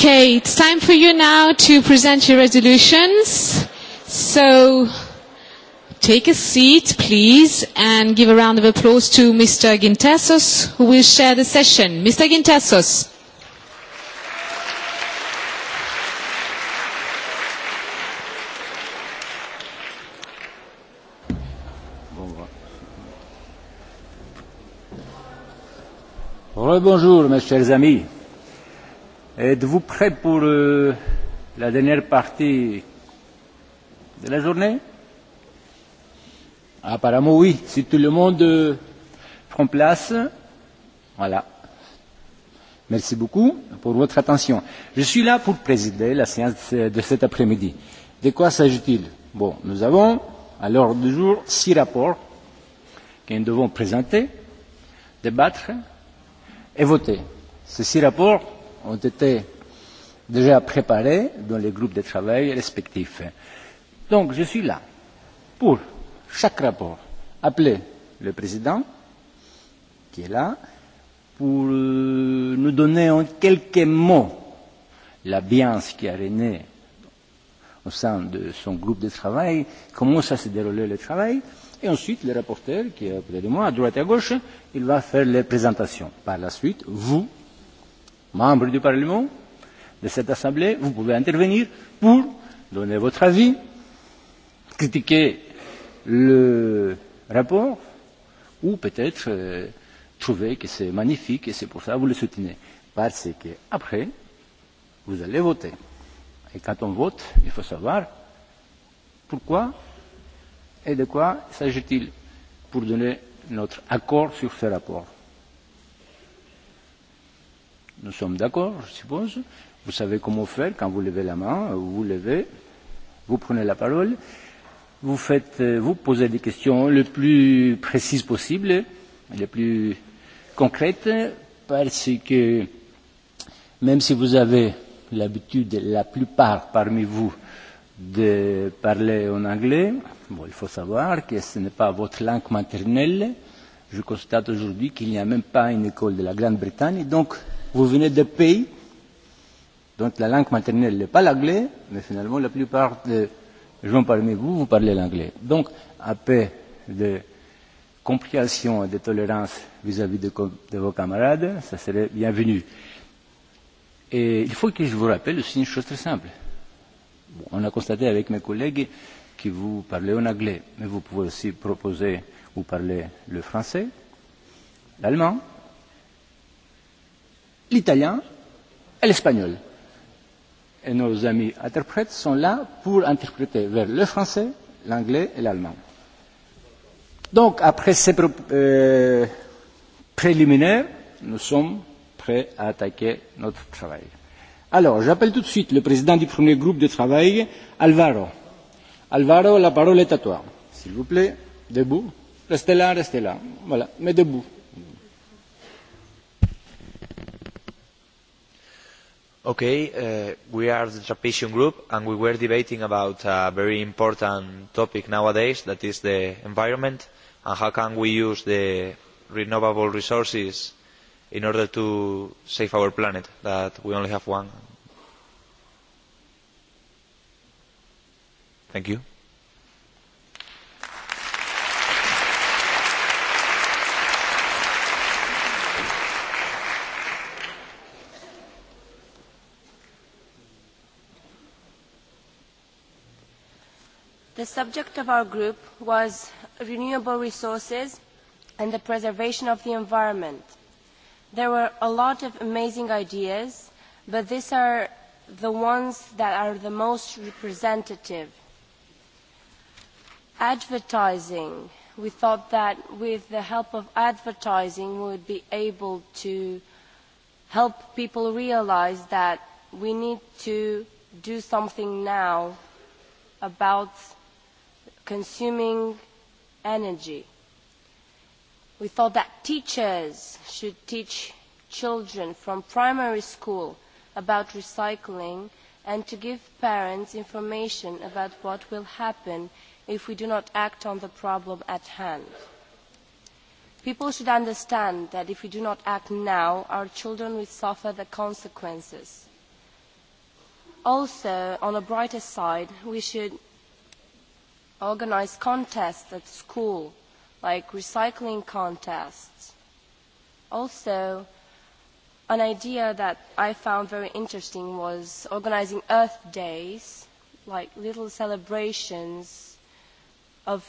Okay, it's time for you now to present your resolutions. So take a seat, please, and give a round of applause to Mr. Gintasos, who will share the session. Mr. Gintasos. Bonjour, mes chers amis. Êtes-vous prêt pour euh, la dernière partie de la journée ah, Apparemment oui, si tout le monde euh, prend place. Voilà. Merci beaucoup pour votre attention. Je suis là pour présider la séance de cet après-midi. De quoi s'agit-il Bon, nous avons à l'ordre du jour six rapports que nous devons présenter, débattre et voter. Ces six rapports ont été déjà préparés dans les groupes de travail respectifs. Donc, je suis là pour chaque rapport appeler le président qui est là pour euh, nous donner en quelques mots l'ambiance qui a régné au sein de son groupe de travail, comment ça s'est déroulé le travail, et ensuite le rapporteur qui est à côté de moi, à droite et à gauche, il va faire les présentations. Par la suite, vous membres du Parlement, de cette Assemblée, vous pouvez intervenir pour donner votre avis, critiquer le rapport, ou peut-être euh, trouver que c'est magnifique et c'est pour ça que vous le soutenez. Parce que après, vous allez voter. Et quand on vote, il faut savoir pourquoi et de quoi s'agit-il pour donner notre accord sur ce rapport. Nous sommes d'accord, je suppose. Vous savez comment faire quand vous levez la main, vous euh, vous levez, vous prenez la parole, vous faites, euh, vous posez des questions le plus précises possible, les plus concrètes, parce que même si vous avez l'habitude, la plupart parmi vous, de parler en anglais, bon, il faut savoir que ce n'est pas votre langue maternelle. Je constate aujourd'hui qu'il n'y a même pas une école de la Grande-Bretagne, donc vous venez de pays dont la langue maternelle n'est pas l'anglais, mais finalement la plupart des gens parmi vous, vous parlez l'anglais. Donc, un peu de compréhension et de tolérance vis-à-vis -vis de, de vos camarades, ça serait bienvenu. Et il faut que je vous rappelle aussi une chose très simple. On a constaté avec mes collègues que vous parlez en anglais, mais vous pouvez aussi proposer ou parler le français, l'allemand, l'italien et l'espagnol. Et nos amis interprètes sont là pour interpréter vers le français, l'anglais et l'allemand. Donc, après ces euh, préliminaires, nous sommes prêts à attaquer notre travail. Alors, j'appelle tout de suite le président du premier groupe de travail, Alvaro. Alvaro, la parole est à toi. S'il vous plaît, debout. Restez là, restez là. Voilà, mais debout. Okay, uh, we are the Trapezium Group, and we were debating about a very important topic nowadays, that is the environment, and how can we use the renewable resources in order to save our planet, that we only have one. Thank you. The subject of our group was renewable resources and the preservation of the environment. There were a lot of amazing ideas, but these are the ones that are the most representative. Advertising. We thought that with the help of advertising we would be able to help people realise that we need to do something now about consuming energy. We thought that teachers should teach children from primary school about recycling and to give parents information about what will happen if we do not act on the problem at hand. People should understand that if we do not act now, our children will suffer the consequences. Also, on a brighter side, we should organize contests at school, like recycling contests. Also, an idea that I found very interesting was organizing Earth Days, like little celebrations of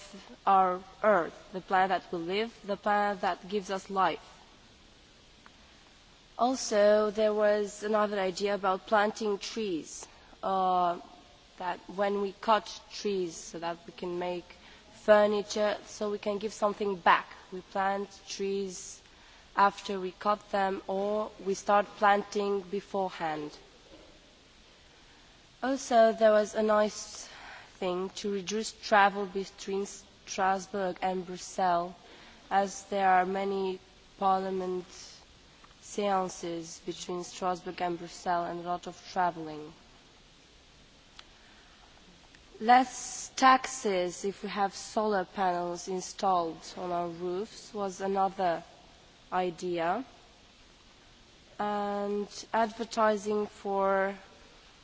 our Earth, the planet that we live, the planet that gives us life. Also, there was another idea about planting trees. Uh, that when we cut trees so that we can make furniture, so we can give something back. We plant trees after we cut them or we start planting beforehand. Also, there was a nice thing to reduce travel between Strasbourg and Brussels, as there are many parliament seances between Strasbourg and Brussels and a lot of travelling Less taxes if we have solar panels installed on our roofs was another idea. And advertising for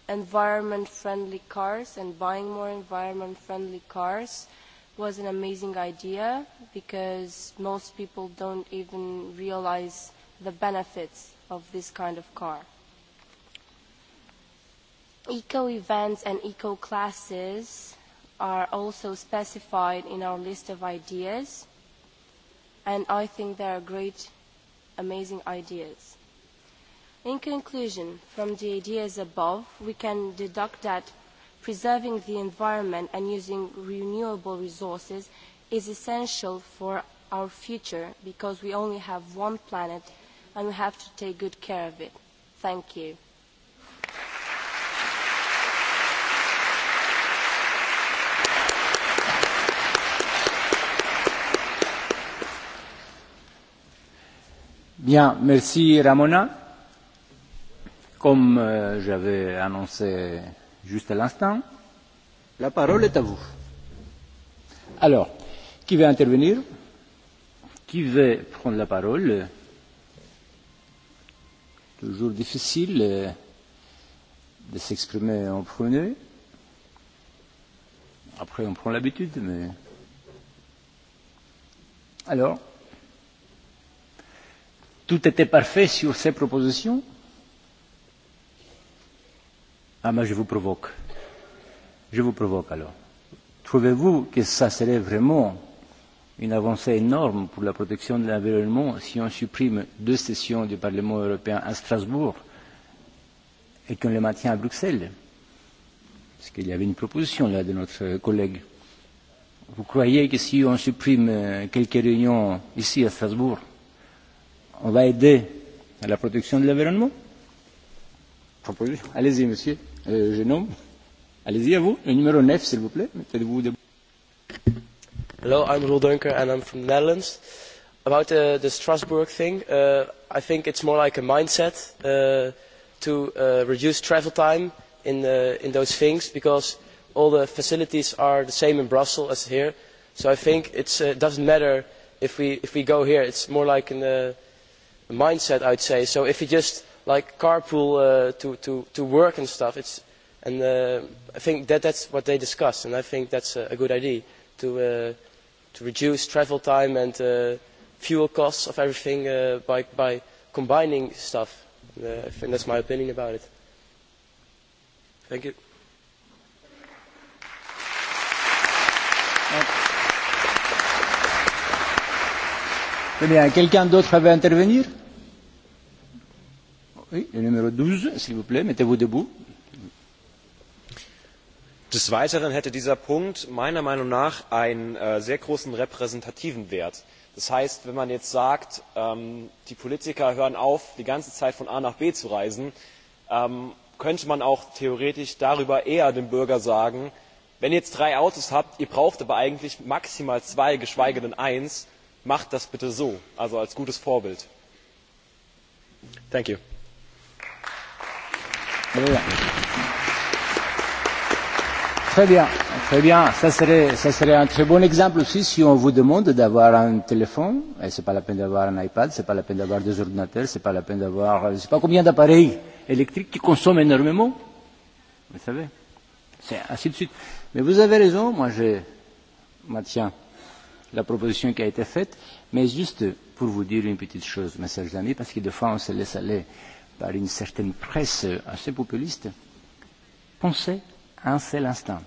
environment-friendly cars and buying more environment-friendly cars was an amazing idea because most people don't even realize the benefits of this kind of car. Eco events and eco classes are also specified in our list of ideas, and I think they are great, amazing ideas. In conclusion, from the ideas above, we can deduct that preserving the environment and using renewable resources is essential for our future because we only have one planet and we have to take good care of it. Thank you. Bien, merci Ramona. Comme euh, j'avais annoncé juste à l'instant, la parole est à vous. Alors, qui veut intervenir Qui veut prendre la parole Toujours difficile euh, de s'exprimer en premier. Après, on prend l'habitude, mais. Alors tout était parfait sur ces propositions Ah, mais je vous provoque. Je vous provoque alors. Trouvez-vous que ça serait vraiment une avancée énorme pour la protection de l'environnement si on supprime deux sessions du Parlement européen à Strasbourg et qu'on les maintient à Bruxelles Parce qu'il y avait une proposition là de notre collègue. Vous croyez que si on supprime euh, quelques réunions ici à Strasbourg, on va aider à la protection de l'environnement Allez-y, monsieur, euh, je nomme. Allez-y, à vous, le numéro 9, s'il vous plaît. Mettez-vous debout. Hello, I'm Roel Dunker and I'm from the Netherlands. About uh, the Strasbourg thing, uh, I think it's more like a mindset uh, to uh, reduce travel time in, the, uh, in those things because all the facilities are the same in Brussels as here. So I think uh, it uh, doesn't matter if we, if we go here. It's more like an... Uh, mindset I'd say. So if you just like carpool uh, to, to, to work and stuff, it's, and uh, I think that that's what they discussed, and I think that's a, a good idea to, uh, to reduce travel time and uh, fuel costs of everything uh, by, by combining stuff. Uh, and that's my opinion about it. Thank you. Très eh bien. Quelqu'un d'autre intervenir Oui, le numéro 12, s'il vous plaît, mettez-vous debout. Des Weiteren hätte dieser Punkt meiner Meinung nach einen äh, sehr großen repräsentativen Wert. Das heißt, wenn man jetzt sagt, ähm, die Politiker hören auf, die ganze Zeit von A nach B zu reisen, ähm, könnte man auch theoretisch darüber eher dem Bürger sagen, wenn ihr jetzt drei Autos habt, ihr braucht aber eigentlich maximal zwei, geschweige denn eins, macht das bitte so also als gutes vorbild! ce serait un très bon exemple aussi si on vous demande d'avoir un téléphone et eh, ce n'est pas la peine d'avoir un ipad ce n'est pas la peine d'avoir des ordinateurs ce n'est pas la peine d'avoir euh, je ne sais pas combien d'appareils électriques qui consomment énormément vous savez c'est ainsi de suite mais vous avez raison moi je maintiens la proposition qui a été faite, mais juste pour vous dire une petite chose, mes chers amis, parce que des fois on se laisse aller par une certaine presse assez populiste. Pensez un seul instant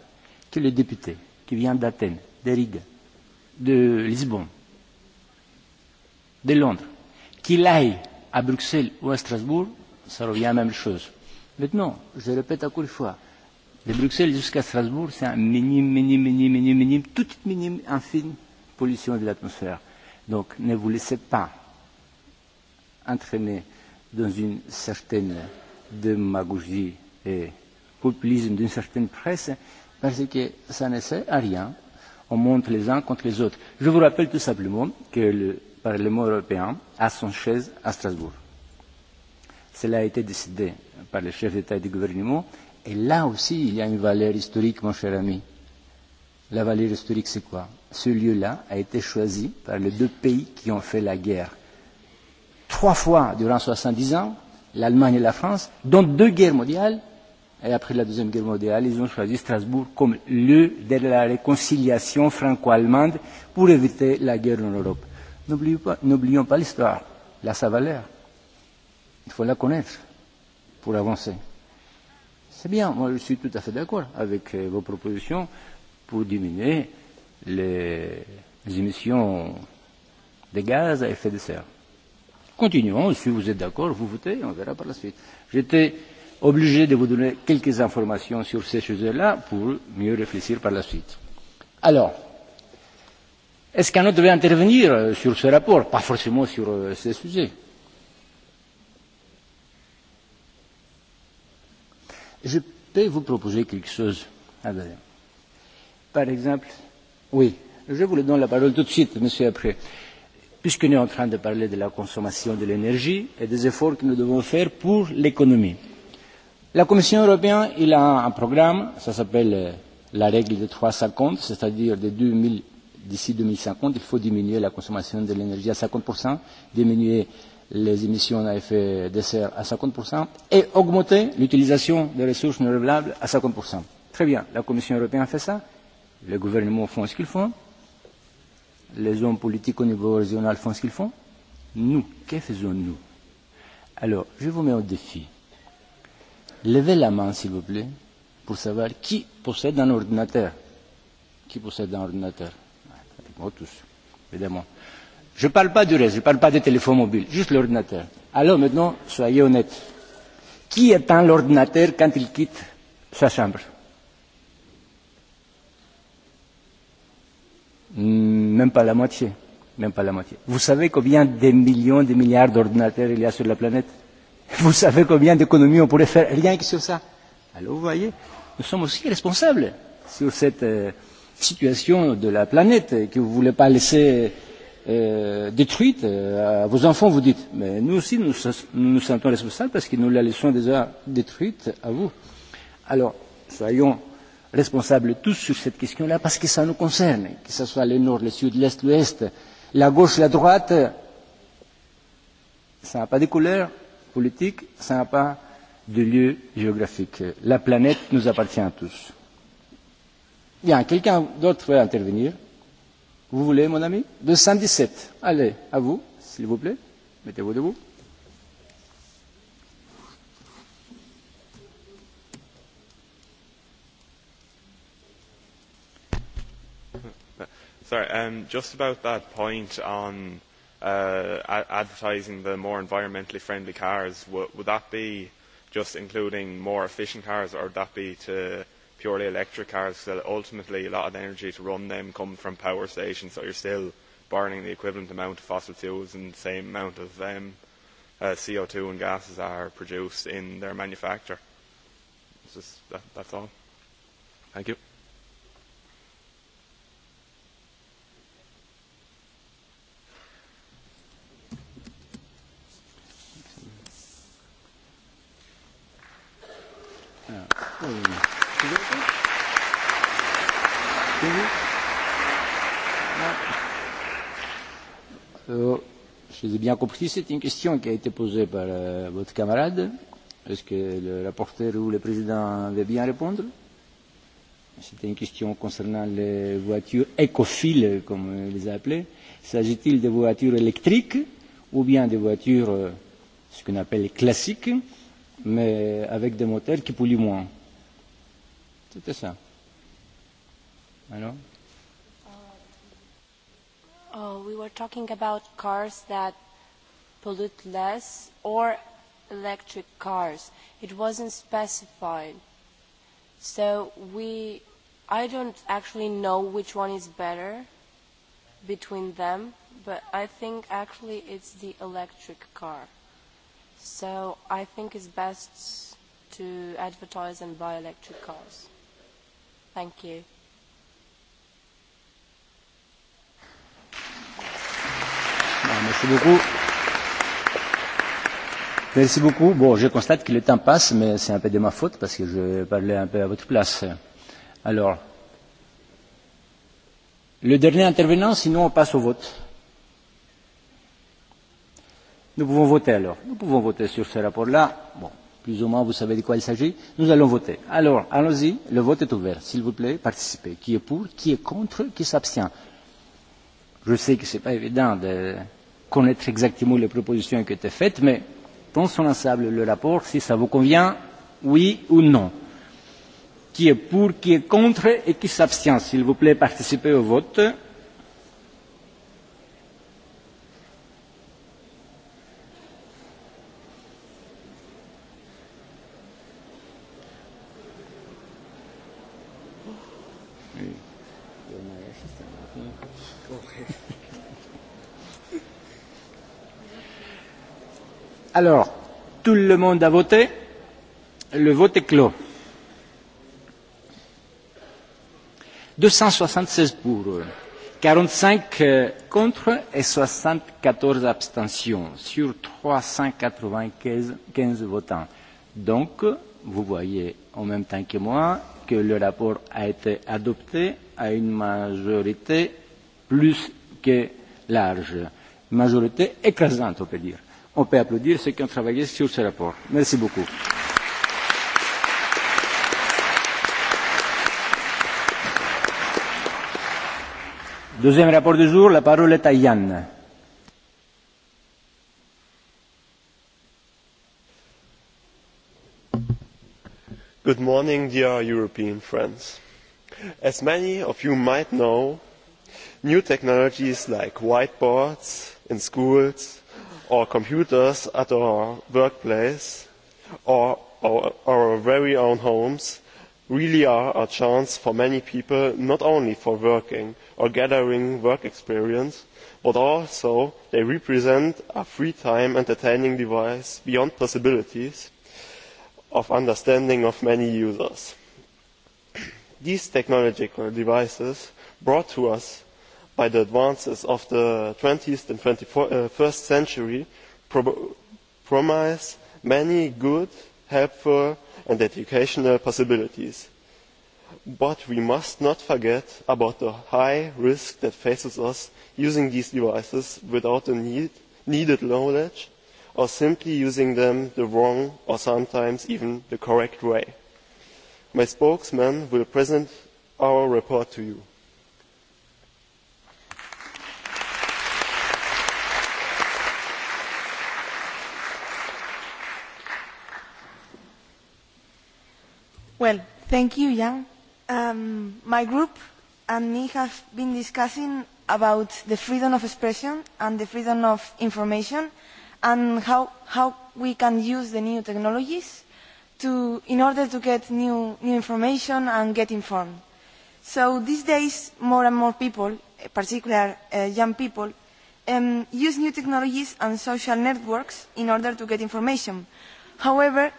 que le député qui vient d'Athènes, de Riga, de Lisbonne, de Londres, qu'il aille à Bruxelles ou à Strasbourg, ça revient à la même chose. Maintenant, je répète encore une fois, de Bruxelles jusqu'à Strasbourg, c'est un minime, minime, minime, minime, minime, toute minime, infime pollution de l'atmosphère. Donc ne vous laissez pas entraîner dans une certaine démagogie et populisme d'une certaine presse, parce que ça ne sert à rien. On monte les uns contre les autres. Je vous rappelle tout simplement que le Parlement européen a son chaise à Strasbourg. Cela a été décidé par les chefs d'État et de gouvernement. Et là aussi, il y a une valeur historique, mon cher ami La valeur historique, c'est quoi Ce lieu-là a été choisi par les deux pays qui ont fait la guerre. Trois fois durant 70 ans, l'Allemagne et la France, dans deux guerres mondiales, et après la Deuxième Guerre mondiale, ils ont choisi Strasbourg comme lieu de la réconciliation franco-allemande pour éviter la guerre en Europe. N'oublions pas l'histoire, la sa valeur. Il faut la connaître pour avancer. C'est bien, moi je suis tout à fait d'accord avec euh, vos propositions pour diminuer les émissions de gaz à effet de serre. Continuons, si vous êtes d'accord, vous votez, on verra par la suite. J'étais obligé de vous donner quelques informations sur ces sujets-là pour mieux réfléchir par la suite. Alors, est-ce qu'un autre devait intervenir euh, sur ce rapport Pas forcément sur euh, ces sujets. Je peux vous proposer quelque chose, Adrien par exemple oui je vous le donne la parole tout de suite monsieur après puisque nous sommes en train de parler de la consommation de l'énergie et des efforts que nous devons faire pour l'économie. La Commission européenne a un programme, ça s'appelle euh, la règle de trois cinquante, c'est-à-dire de d'ici deux mille cinquante, il faut diminuer la consommation de l'énergie à cinquante, diminuer les émissions à effet de serre à cinquante et augmenter l'utilisation des ressources renouvelables à. cinquante Très bien, la Commission européenne fait ça Les gouvernements font ce qu'ils font. Les hommes politiques au niveau régional font ce qu'ils font. Nous, que faisons-nous Alors, je vous mets au défi. Levez la main, s'il vous plaît, pour savoir qui possède un ordinateur. Qui possède un ordinateur Moi, tous, évidemment. Je ne parle pas du reste, je ne parle pas des téléphones mobiles, juste l'ordinateur. Alors maintenant, soyez honnêtes. Qui éteint l'ordinateur quand il quitte sa chambre Mm, même pas la moitié. Même pas la moitié. Vous savez combien de millions, de milliards d'ordinateurs il y a sur la planète Vous savez combien d'économies on pourrait faire rien que sur ça Alors vous voyez, nous sommes aussi responsables sur cette euh, situation de la planète que vous ne voulez pas laisser euh, détruite euh, à vos enfants, vous dites. Mais nous aussi, nous nous, nous sentons responsables parce que nous la laissons déjà détruite à vous. Alors, soyons responsables tous sur cette question-là parce que ça nous concerne, que ce soit le nord, le sud, l'est, l'ouest, la gauche, la droite. Ça n'a pas de couleur politique, ça n'a pas de lieu géographique. La planète nous appartient à tous. Bien, quelqu'un d'autre veut intervenir Vous voulez, mon ami 217. Allez, à vous, s'il vous plaît. Mettez-vous debout. Sorry, um, just about that point on uh, advertising the more environmentally friendly cars, w would that be just including more efficient cars, or would that be to purely electric cars? So ultimately, a lot of the energy to run them comes from power stations, so you're still burning the equivalent amount of fossil fuels and the same amount of um, uh, CO2 and gases are produced in their manufacture. It's just that, that's all. Thank you. je ai bien compris, c'est une question qui a été posée par euh, votre camarade. Est-ce que le rapporteur ou le président veut bien répondre C'était une question concernant les voitures écophiles, comme on les a appelées. S'agit-il de voitures électriques ou bien des voitures, euh, ce qu'on appelle classiques, mais avec des moteurs qui polluent moins C'était ça. Alors Oh, we were talking about cars that pollute less or electric cars. It wasn't specified. So we, I don't actually know which one is better between them, but I think actually it's the electric car. So I think it's best to advertise and buy electric cars. Thank you. Ah, merci beaucoup. Merci beaucoup. Bon, je constate que le temps passe, mais c'est un peu de ma faute parce que je parlais un peu à votre place. Alors, le dernier intervenant, sinon on passe au vote. Nous pouvons voter alors. Nous pouvons voter sur ce rapport-là. Bon, plus ou moins, vous savez de quoi il s'agit. Nous allons voter. Alors, allons-y. Le vote est ouvert. S'il vous plaît, participez. Qui est pour Qui est contre Qui s'abstient Je sais que ce n'est pas évident de connaître exactement les propositions qui étaient faites, mais dans son ensemble, le rapport, si ça vous convient, oui ou non. Qui est pour, qui est contre et qui s'abstient S'il vous plaît, participez au vote. Alors, tout le monde a voté. Le vote est clos. 276 pour, 45 euh, contre et 74 abstentions sur 395 15 votants. Donc, vous voyez en même temps que moi que le rapport a été adopté à une majorité plus que large, majorité écrasante, on peut dire. On peut applaudir ceux qui ont travaillé sur ce rapport. Merci beaucoup. Deuxième rapport du jour, la parole est à Yann. Good morning, dear European friends. As many of you might know, new technologies like whiteboards in schools or computers at our workplace or our, our very own homes really are a chance for many people not only for working or gathering work experience but also they represent a free time entertaining device beyond possibilities of understanding of many users. these technological devices brought to us by the advances of the twentieth and twenty uh, first century pro promise many good helpful and educational possibilities but we must not forget about the high risk that faces us using these devices without the need, needed knowledge or simply using them the wrong or sometimes even the correct way. my spokesman will present our report to you. Well, thank you, Jan. Um, my group and me have been discussing about the freedom of expression and the freedom of information and how, how we can use the new technologies to, in order to get new, new information and get informed. So these days, more and more people, eh, particularly uh, eh, young people, um, use new technologies and social networks in order to get information. However,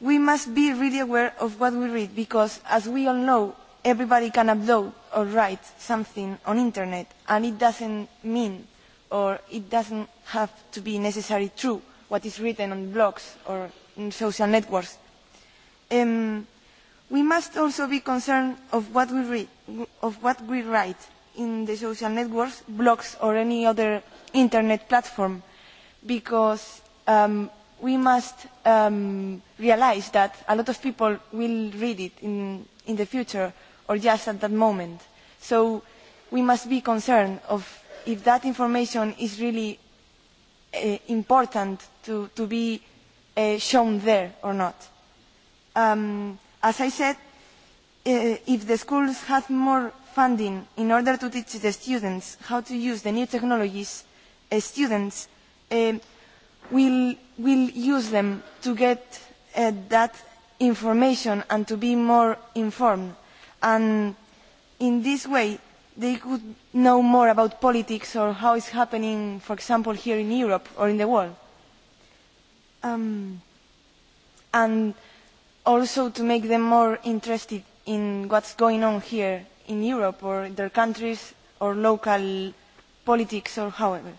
we must be really aware of what we read because, as we all know, everybody can upload or write something on the internet and it does not mean or it does not have to be necessarily true what is written on blogs or in social networks. Um, we must also be concerned of what we read, of what we write in the social networks, blogs or any other internet platform because um, we must um, realize that a lot of people will read it in, in the future or just at that moment. So we must be concerned of if that information is really uh, important to, to be uh, shown there or not. Um, as I said, uh, if the schools have more funding in order to teach the students how to use the new technologies, uh, students uh, will will use them to get uh, that information and to be more informed. And in this way, they could know more about politics or how it's happening, for example, here in Europe or in the world. Um, and also to make them more interested in what's going on here in Europe or in their countries or local politics or however.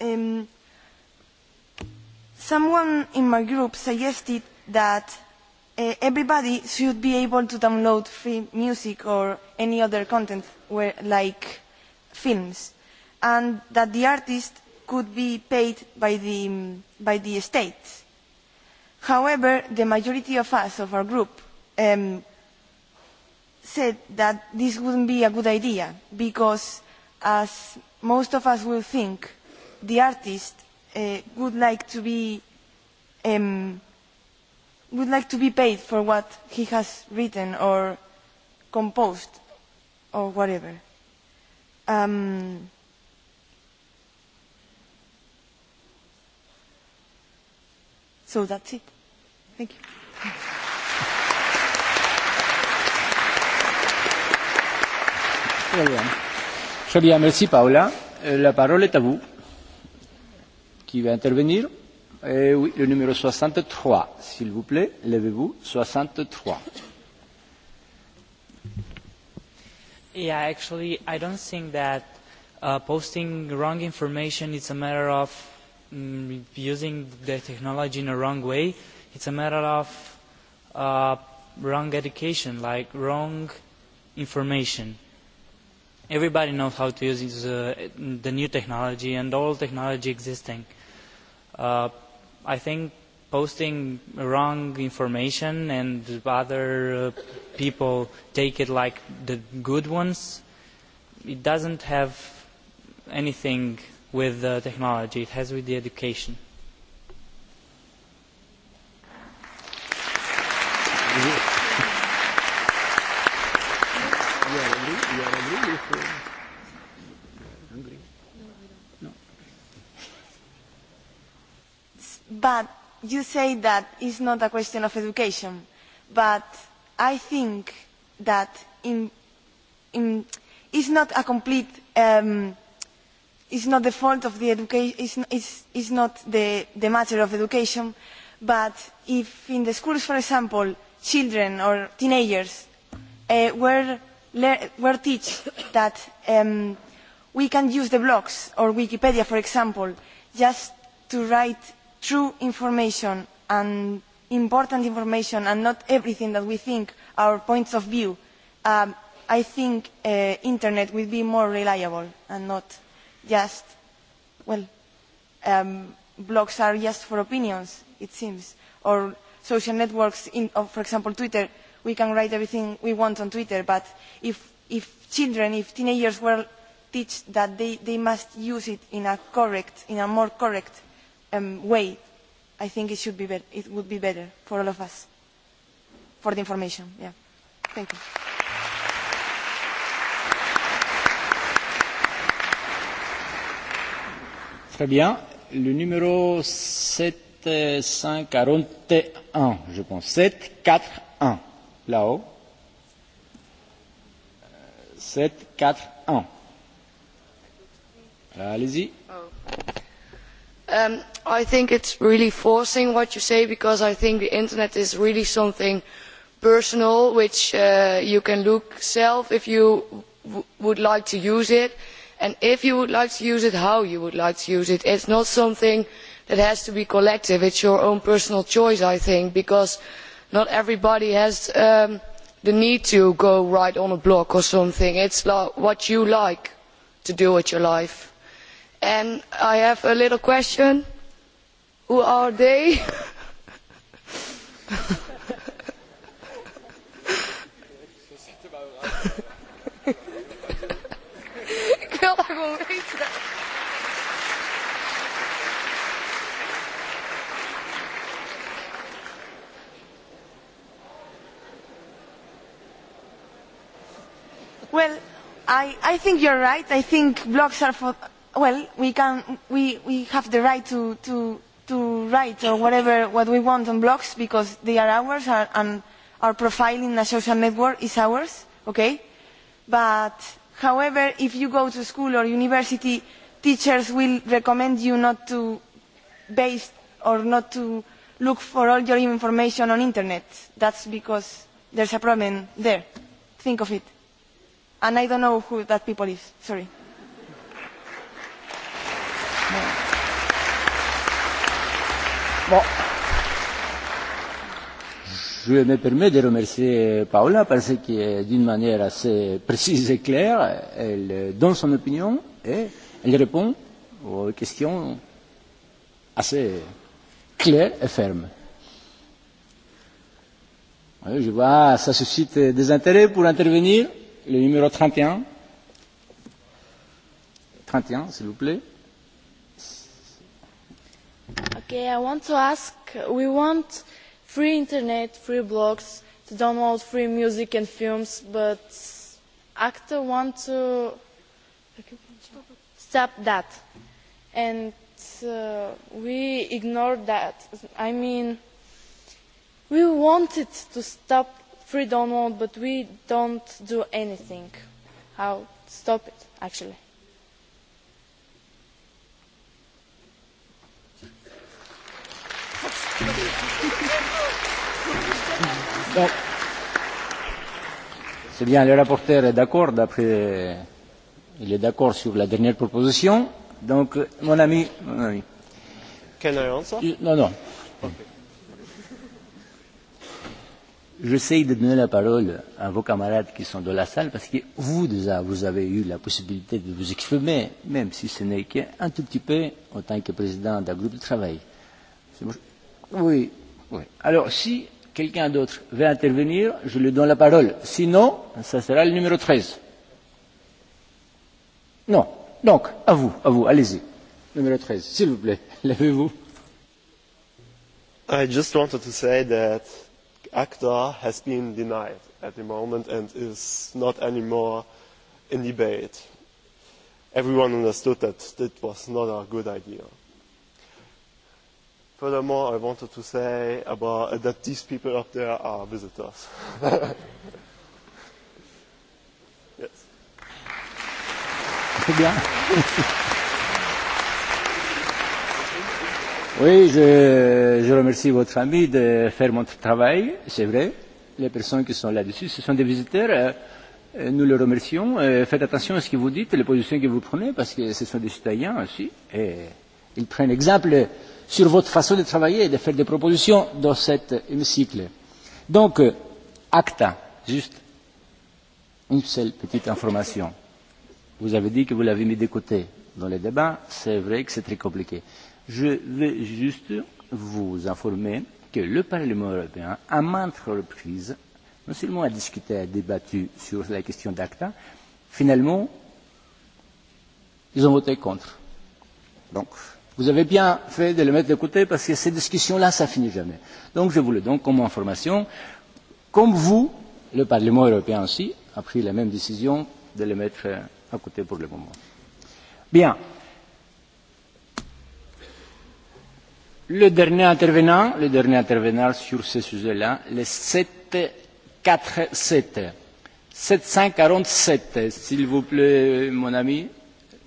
Um, someone in my group suggested that uh, everybody should be able to download free music or any other content where, like films and that the artist could be paid by the, by the state. However, the majority of us, of our group, um, said that this wouldn't be a good idea because, as most of us will think, the artist Uh, would like to be um, would like to be paid for what he has written or composed or whatever. Um, so that's it. Thank you. Très bien. Très bien, merci Paola. Eh, la parole est à vous qui veut intervenir eh oui, le numéro 63, s'il vous plaît, levez-vous, 63. Yeah, actually, I don't think that uh, posting wrong information is a matter of um, using the technology in a wrong way. It's a matter of uh, wrong education, like wrong information. Everybody knows how to use uh, the new technology and all technology existing. Uh, I think posting wrong information and other uh, people take it like the good ones, it doesn't have anything with the technology. It has with the education. Yeah, But you say that it's not a question of education. But I think that in, in, it's not a complete... Um, it's not the fault of the education... It's, it's, it's not the, the matter of education. But if in the schools, for example, children or teenagers uh, were, were taught that um, we can use the blogs or Wikipedia, for example, just to write true information and important information and not everything that we think our points of view um, i think the uh, internet will be more reliable and not just well um, blogs are just for opinions it seems or social networks in, for example twitter we can write everything we want on twitter but if, if children if teenagers were taught that they, they must use it in a correct in a more correct Um, way, I think it, should be be it would be better for all of us, for the information. Yeah. Thank you. Très bien. Le numéro 741, je pense. 741, là-haut. 741. Euh, allez-y. Oh. Um, i think it is really forcing what you say because i think the internet is really something personal which uh, you can look yourself if you would like to use it and if you would like to use it how you would like to use it. it is not something that has to be collective it is your own personal choice i think because not everybody has um, the need to go write on a blog or something it is what you like to do with your life. And I have a little question. Who are they? Ik wil dat gewoon weten. Well, I, I think you're right. I think blogs are for, well, we, can, we, we have the right to, to, to write or whatever what we want on blogs because they are ours are, and our profile in a social network is ours, okay? But however, if you go to school or university, teachers will recommend you not to base or not to look for all your information on internet. That's because there's a problem there. Think of it. And I don't know who that people is. Sorry. Je me permets de remercier Paola parce que d'une manière assez précise et claire, elle donne son opinion et elle répond aux questions assez claires et fermes. Oui, je vois, ça suscite des intérêts pour intervenir. Le numéro 31. 31, s'il vous plaît. Okay, I want to ask, we want free internet, free blogs, to download free music and films, but actor want to stop that. And uh, we ignore that. I mean, we wanted to stop free download, but we don't do anything. How to stop it, actually. C'est bien, le rapporteur est d'accord d'après il est d'accord sur la dernière proposition. Donc mon ami, mon ami. Can I answer? Non, non. Okay. J'essaie de donner la parole à vos camarades qui sont dans la salle parce que vous déjà, vous avez eu la possibilité de vous exprimer, même si ce n'est qu'un tout petit peu en tant que président d'un groupe de travail. Oui, oui. Alors, si quelqu'un d'autre veut intervenir, je lui donne la parole. Sinon, ça sera le numéro 13. Non. Donc, à vous, à vous, allez-y. Numéro 13, s'il vous plaît, levez-vous. I just wanted to say that ACTA has been denied at the moment and is not anymore in debate. Everyone understood that it was not a good idea Furthermore, I wanted to say about, uh, that these people up there are visitors. yes. C'est bien. Oui, je, je remercie votre ami de faire mon travail, c'est vrai. Les personnes qui sont là-dessus, ce sont des visiteurs. Euh, nous le remercions. Euh, faites attention à ce que vous dites, les positions que vous prenez, parce que ce sont des citoyens aussi. Et ils prennent exemple sur votre façon de travailler et de faire des propositions dans cet hémicycle. Donc, euh, acta, juste une seule petite information. Vous avez dit que vous l'avez mis de côté dans les débats, c'est vrai que c'est très compliqué. Je veux juste vous informer que le Parlement européen, à maintes reprises, non seulement a discuté, a débattu sur la question d'ACTA, finalement, ils ont voté contre. Donc, Vous avez bien fait de le mettre de côté parce que ces discussions-là, ça finit jamais. Donc je vous le donne comme information. Comme vous, le Parlement européen aussi a pris la même décision de le mettre euh, à côté pour le moment. Bien. Le dernier intervenant, le dernier intervenant sur ce sujet-là, le 747. 747, s'il vous plaît, mon ami.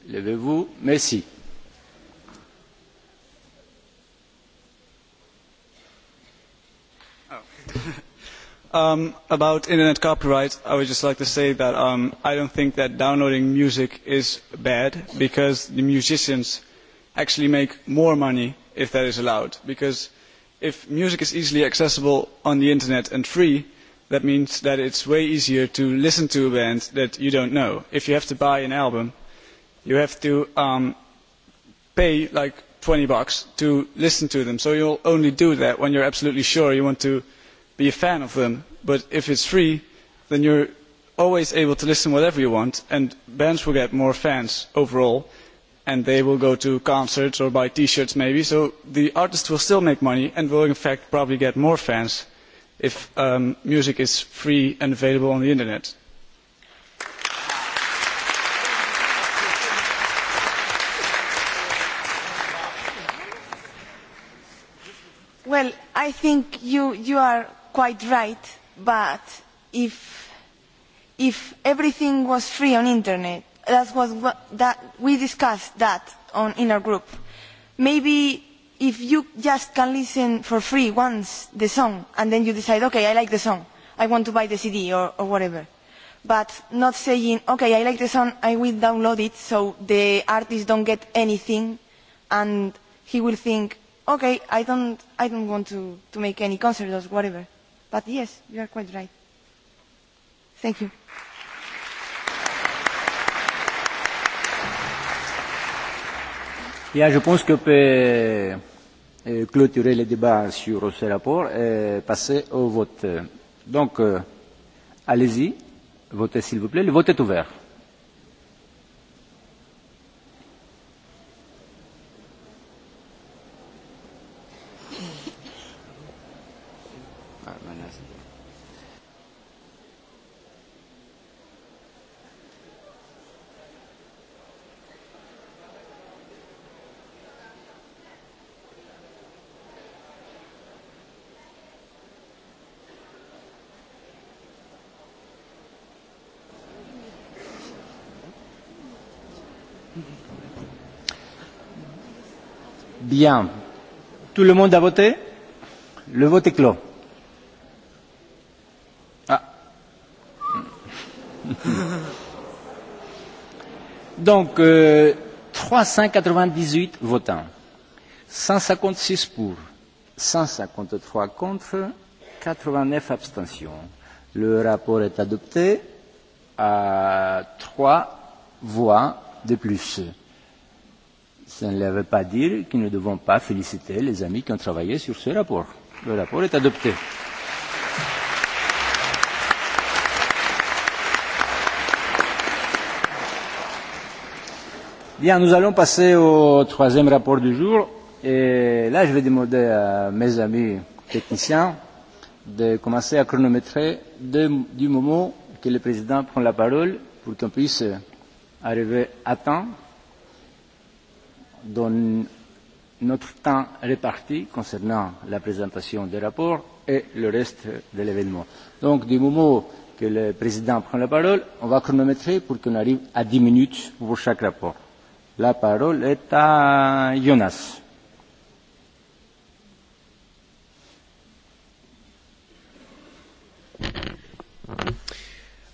Levez-vous. Merci Um, about internet copyright, I would just like to say that um, I don't think that downloading music is bad because the musicians actually make more money if that is allowed. Because if music is easily accessible on the internet and free, that means that it is way easier to listen to a band that you don't know. If you have to buy an album, you have to um, pay like twenty bucks to listen to them. So you'll only do that when you are absolutely sure you want to be a fan of them, but if it is free, then you are always able to listen to whatever you want, and bands will get more fans overall, and they will go to concerts or buy T-shirts maybe. So the artist will still make money and will in fact probably get more fans if um, music is free and available on the internet. Well, I think you, you are quite right, but if, if everything was free on internet, that was what that we discussed that on, in our group. Maybe if you just can listen for free once the song, and then you decide, okay, I like the song, I want to buy the CD or, or whatever. But not saying, okay, I like the song, I will download it, so the artist don't get anything, and he will think, okay, I don't, I don't want to, to make any concert or whatever But yes, you are quite right. Thank you. Yeah, je pense que peut eh, clôturer le débat sur ce rapport et eh, passer au vote. Donc, euh, allez-y, votez s'il vous plaît. Le vote est ouvert. Bien. Tout le monde a voté Le vote est clos. Ah. Donc, euh, 398 votants, 156 pour, 153 contre, 89 abstentions. Le rapport est adopté à trois voix de plus. Ça ne veut pas dire que nous ne devons pas féliciter les amis qui ont travaillé sur ce rapport. Le rapport est adopté. Bien, nous allons passer au troisième rapport du jour. Et là, je vais demander à mes amis techniciens de commencer à chronométrer de, du moment que le président prend la parole pour qu'on puisse arriver à temps dans notre temps réparti concernant la présentation des rapports et le reste de l'événement. Donc, du moment que le président prend la parole, on va chronométrer pour qu'on arrive à 10 minutes pour chaque rapport. La parole est à Jonas.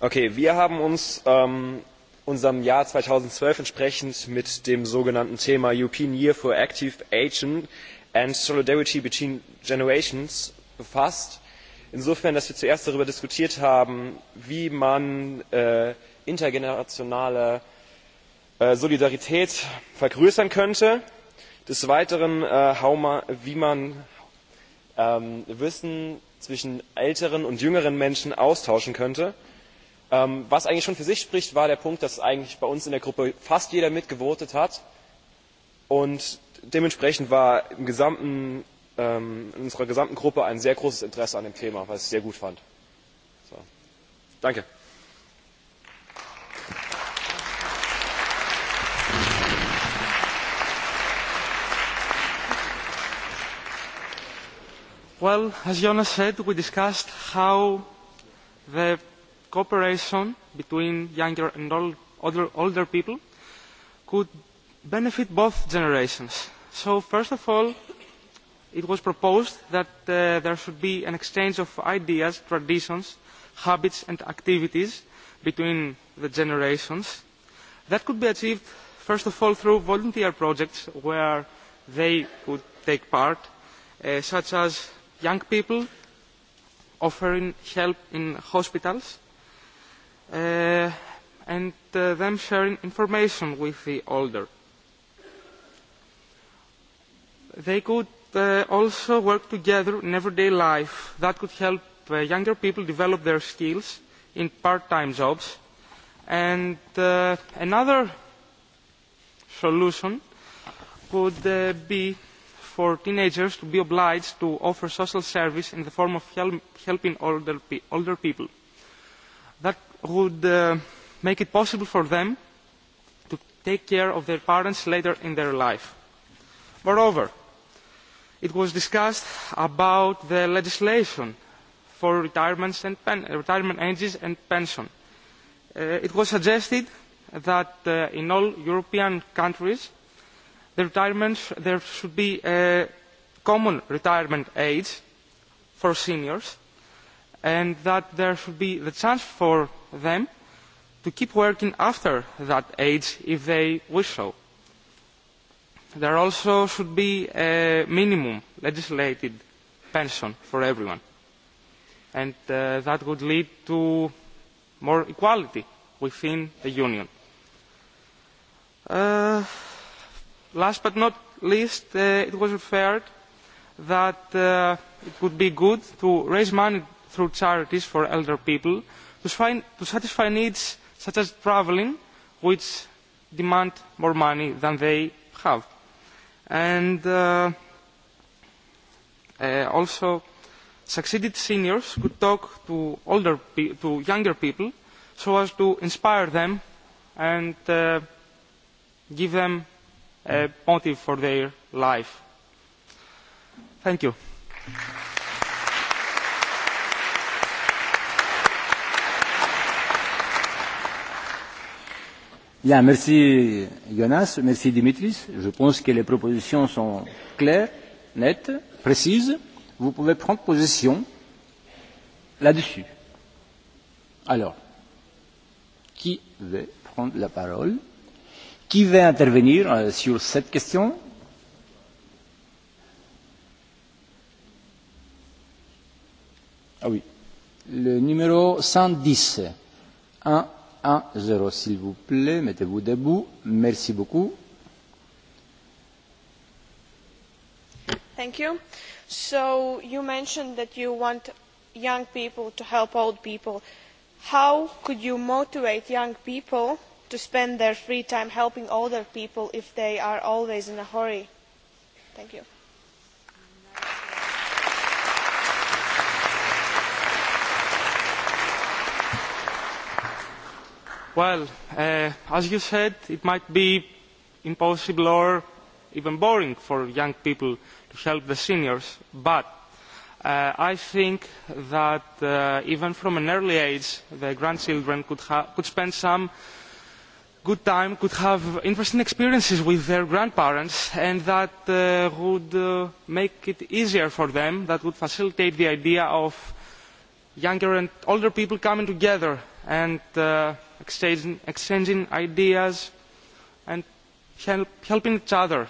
Okay, wir haben uns ähm, unserem jahr zweitausendzwölf entsprechend mit dem sogenannten thema european year for active aging and solidarity between generations befasst insofern dass wir zuerst darüber diskutiert haben wie man äh, intergenerationale äh, solidarität vergrößern könnte des weiteren äh, wie man ähm, wissen zwischen älteren und jüngeren menschen austauschen könnte Ähm, was eigentlich schon für sich spricht war der punkt dass eigentlich bei uns in der gruppe fast jeder mitgevotet hat und dementsprechend war ähm, in unserer gesamten gruppe ein sehr großes interesse an dem thema was ich sehr gut fand. danke! as jonas said we discussed how the cooperation between younger and older, older people could benefit both generations. So first of all, it was proposed that uh, there should be an exchange of ideas, traditions, habits and activities between the generations. That could be achieved first of all through volunteer projects where they could take part, uh, such as young people offering help in hospitals, uh, and uh, them sharing information with the older. They could uh, also work together in everyday life. That could help uh, younger people develop their skills in part-time jobs. And uh, another solution could uh, be for teenagers to be obliged to offer social service in the form of help, helping older, pe older people would uh, make it possible for them to take care of their parents later in their life. moreover it was discussed about the legislation for retirements and pen, uh, retirement ages and pension. Uh, it was suggested that uh, in all european countries the there should be a common retirement age for seniors and that there should be the chance for them to keep working after that age if they wish so. There also should be a minimum legislated pension for everyone. And uh, that would lead to more equality within the Union. Uh, last but not least, uh, it was referred that uh, it would be good to raise money through charities for elder people to, satisfy needs such as travelling which demand more money than they have. And uh, uh, also, succeeded seniors could talk to, older pe to younger people so as to inspire them and uh, give them a motive for their life. Thank you. merci Jonas, merci Dimitris. Je pense que les propositions sont claires, nettes, précises. Vous pouvez prendre position là-dessus. Alors, qui veut prendre la parole Qui veut intervenir euh, sur cette question Ah oui, le numéro 110. 1, 1 0 s'il vous plaît mettez vous debout merci beaucoup thank you so you mentioned that you want young people to help old people how could you motivate young people to spend their free time helping older people if they are always in a hurry thank you Well, uh, as you said, it might be impossible or even boring for young people to help the seniors, but uh, I think that uh, even from an early age, the grandchildren could, could spend some good time, could have interesting experiences with their grandparents, and that uh, would uh, make it easier for them, that would facilitate the idea of younger and older people coming together and uh, exchanging, ideas and help, helping each other.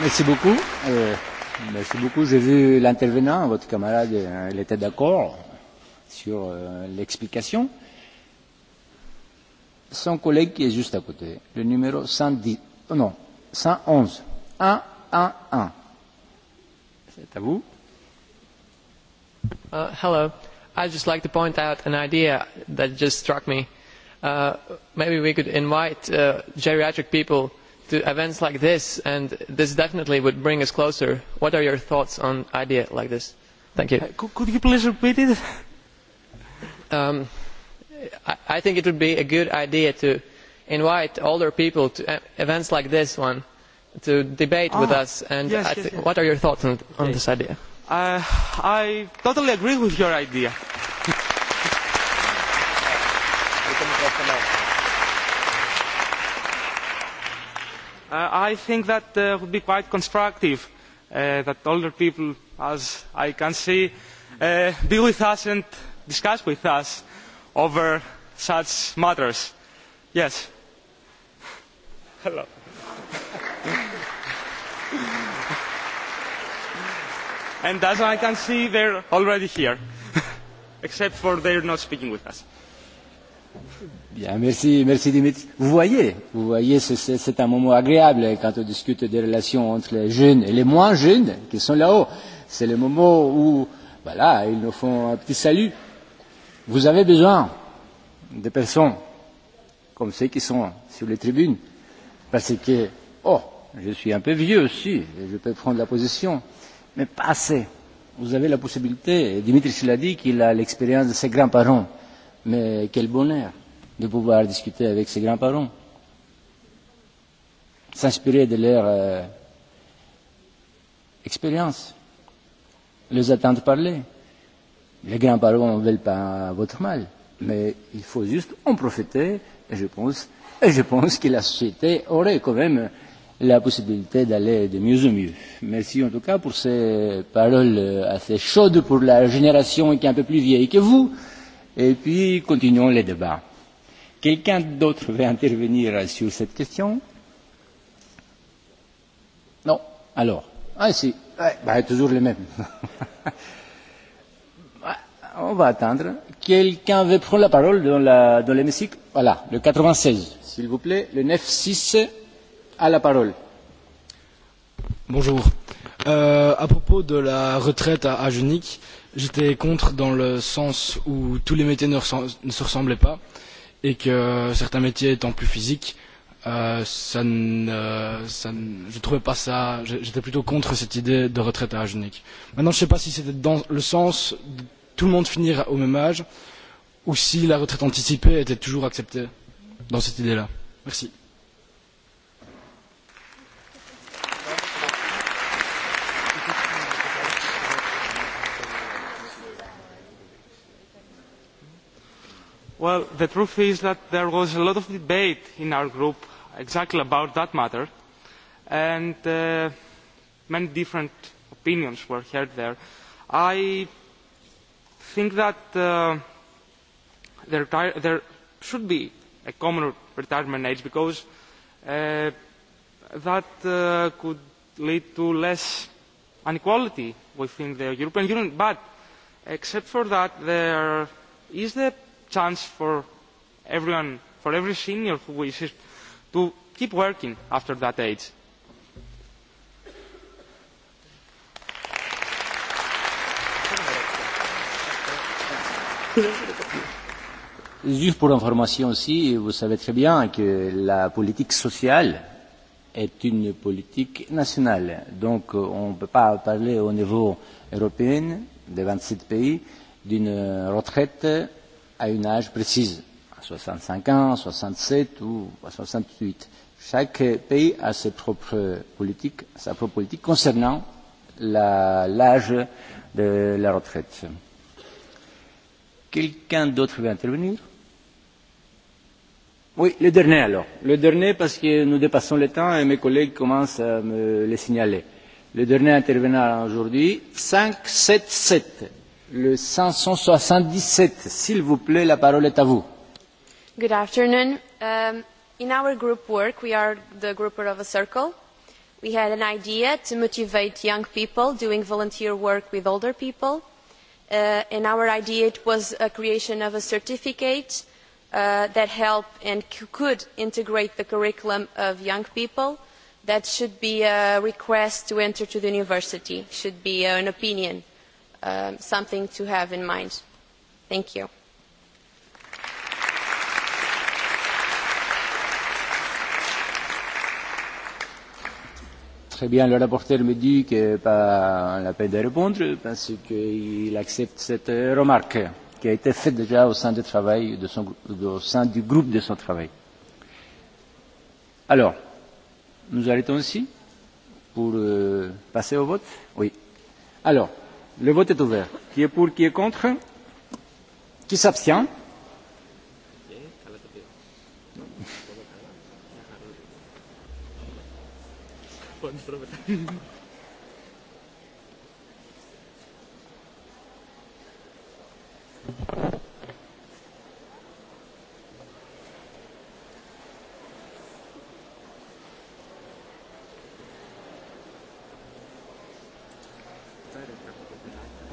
Merci beaucoup. Euh, merci beaucoup. J'ai vu l'intervenant, votre camarade, euh, il était d'accord sur euh, l'explication. Son collègue qui est juste à côté, le numéro 110, oh euh, non, 111, 111. C'est Uh, hello. I'd just like to point out an idea that just struck me. Uh, maybe we could invite uh, geriatric people to events like this, and this definitely would bring us closer. What are your thoughts on an idea like this? Thank you. Uh, could you please repeat it? Um, I, I think it would be a good idea to invite older people to e-, events like this one to debate ah, with us. And yes, yes, yes. what are your thoughts on, on this idea? Uh, I totally agree with your idea. uh, I think that uh, would be quite constructive uh, that older people, as I can see, uh, be with us and discuss with us over such matters. Yes. Hello and as I can see, they're already here, except for they're not speaking with us. Bien, merci, merci Dimitri. Vous voyez, vous voyez, c'est un moment agréable quand on discute des relations entre les jeunes et les moins jeunes qui sont là-haut. C'est le moment où, voilà, ils nous font un petit salut. Vous avez besoin de personnes comme ceux qui sont sur les tribunes, parce que, oh, je suis un peu vieux aussi, et je peux prendre la position, mais pas assez. Vous avez la possibilité, et Dimitri l'a dit, qu'il a l'expérience de ses grands-parents. Mais quel bonheur de pouvoir discuter avec ses grands-parents, s'inspirer de leur euh, expérience, les attendre parler. Les grands-parents ne veulent pas votre mal, mais il faut juste en profiter, et je pense, et je pense que la société aurait quand même euh, la possibilité d'aller de mieux en mieux. Merci en tout cas pour ces paroles assez chaudes pour la génération qui est un peu plus vieille que vous. Et puis, continuons les débats. Quelqu'un d'autre veut intervenir sur cette question Non Alors Ah si, ouais, bah, toujours le même. On va attendre. Quelqu'un veut prendre la parole dans l'hémicycle dans Voilà, le 96, s'il vous plaît, le 96 la parole. Bonjour. Euh, à propos de la retraite à, Agenic, j'étais contre dans le sens où tous les métiers ne, se ressemblaient pas et que certains métiers étant plus physiques, euh, ça ne, euh, ça ne, je trouvais pas ça. J'étais plutôt contre cette idée de retraite à Agenic. Maintenant, je ne sais pas si c'était dans le sens de tout le monde finir au même âge ou si la retraite anticipée était toujours acceptée dans cette idée-là. Merci. Well, the truth is that there was a lot of debate in our group exactly about that matter, and uh, many different opinions were heard there. I think that uh, there, there should be a common retirement age because uh, that uh, could lead to less inequality within the European Union. But except for that, there is the chance for everyone, for every senior who wishes to keep working after that age. Juste pour information aussi, vous savez très bien que la politique sociale est une politique nationale. Donc on ne peut pas parler au niveau européen des 27 pays d'une retraite à un âge précis, à 65 ans, à 67 ou à 68. Chaque pays a ses propres politiques, sa propre politique concernant l'âge de la retraite. Quelqu'un d'autre veut intervenir Oui, le dernier alors. Le dernier parce que nous dépassons le temps et mes collègues commencent à me le signaler. Le dernier intervenant aujourd'hui, 577. S'il vous plaît, la parole Good afternoon. Um, in our group work, we are the group of a circle. We had an idea to motivate young people doing volunteer work with older people. Uh, and our idea was a creation of a certificate uh, that help and could integrate the curriculum of young people. That should be a request to enter to the university, should be an opinion Um, something to have in mind. Thank you. Très bien, le rapporteur me dit que pas la peine de répondre parce qu'il accepte cette euh, remarque qui a été faite déjà au sein, de travail de son, de, au sein du groupe de son travail. Alors, nous arrêtons ici pour euh, passer au vote Oui. Alors, Le vote est ouvert. Qui est pour, qui est contre Qui s'abstient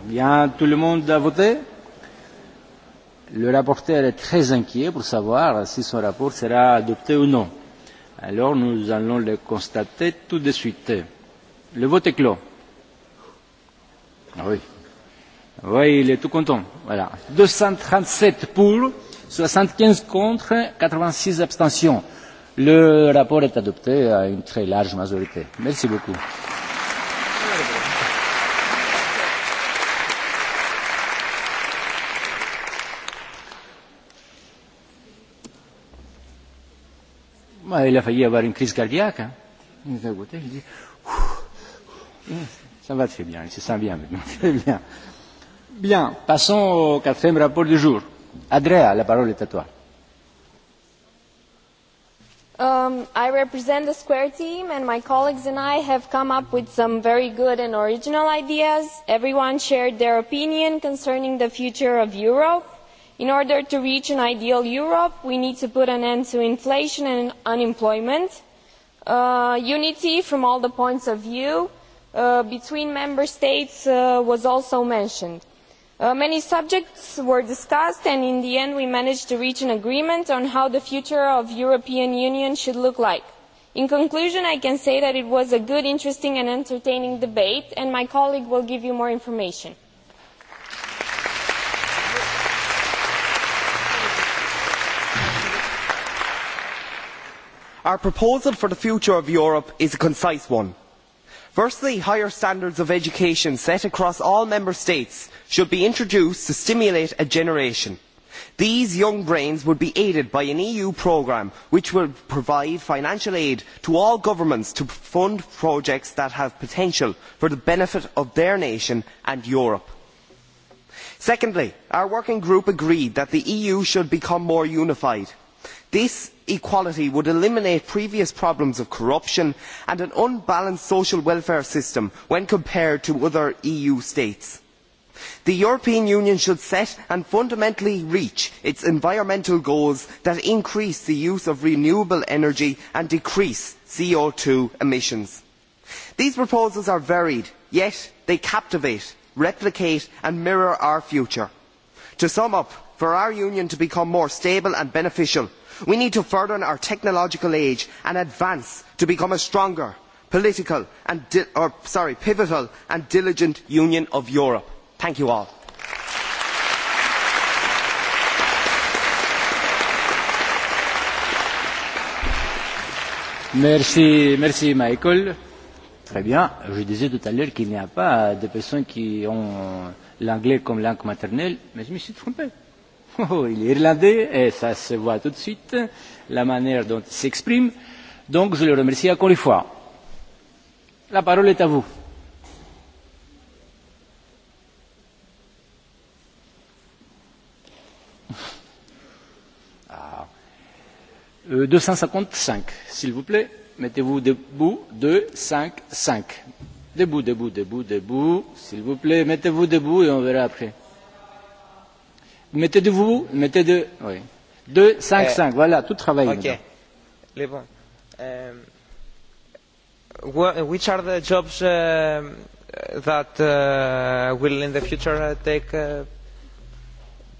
Bien, tout le monde a voté Le rapporteur est très inquiet pour savoir si son rapport sera adopté ou non. Alors nous allons le constater tout de suite. Le vote est clos. Ah oui. Oui, il est tout content. Voilà. 237 pour, 75 contre, 86 abstentions. Le rapport est adopté à une très large majorité. Merci beaucoup. il a failli avoir une crise cardiaque. Hein. a goûté, il dit, ça va très bien, il se sent bien maintenant, très bien. Bien, passons au quatrième rapport du jour. Adrea la parole est à toi. Um, I represent the Square team and my colleagues and I have come up with some very good and original ideas. Everyone shared their opinion concerning the future of Europe in order to reach an ideal europe we need to put an end to inflation and unemployment uh, unity from all the points of view uh, between member states uh, was also mentioned. many subjects were discussed and in the end we managed to reach an agreement on how the future of the european union should look like. in conclusion i can say that it was a good interesting and entertaining debate and my colleague will give you more information. our proposal for the future of europe is a concise one. firstly higher standards of education set across all member states should be introduced to stimulate a generation. these young brains would be aided by an eu programme which will provide financial aid to all governments to fund projects that have potential for the benefit of their nation and europe secondly our working group agreed that the eu should become more unified. this equality would eliminate previous problems of corruption and an unbalanced social welfare system when compared to other eu states. the european union should set and fundamentally reach its environmental goals that increase the use of renewable energy and decrease co two emissions. these proposals are varied yet they captivate replicate and mirror our future. to sum up for our union to become more stable and beneficial we need to further our technological age and advance to become a stronger political and or, sorry, pivotal and diligent union of europe. thank you all. Merci, merci Michael. Très bien. Je disais tout à l'heure qu'il n'y a pas de personnes qui ont l'anglais comme langue maternelle, mais je me suis trompé Oh, il est irlandais, et eh, ça se voit tout de suite, la manière dont il s'exprime. Donc je le remercie encore une fois. La parole est à vous. Ah. Euh, 255, s'il vous plaît. Mettez-vous debout. 2, 5, 5. Debout, debout, debout, debout. S'il vous plaît, mettez-vous debout et on verra après mettez de vous, mettez de. Oui. Deux, cinq, euh, cinq. voilà, tout travail. Ok. Les bons. Um, which are the jobs uh, that uh, will in the future uh, take uh,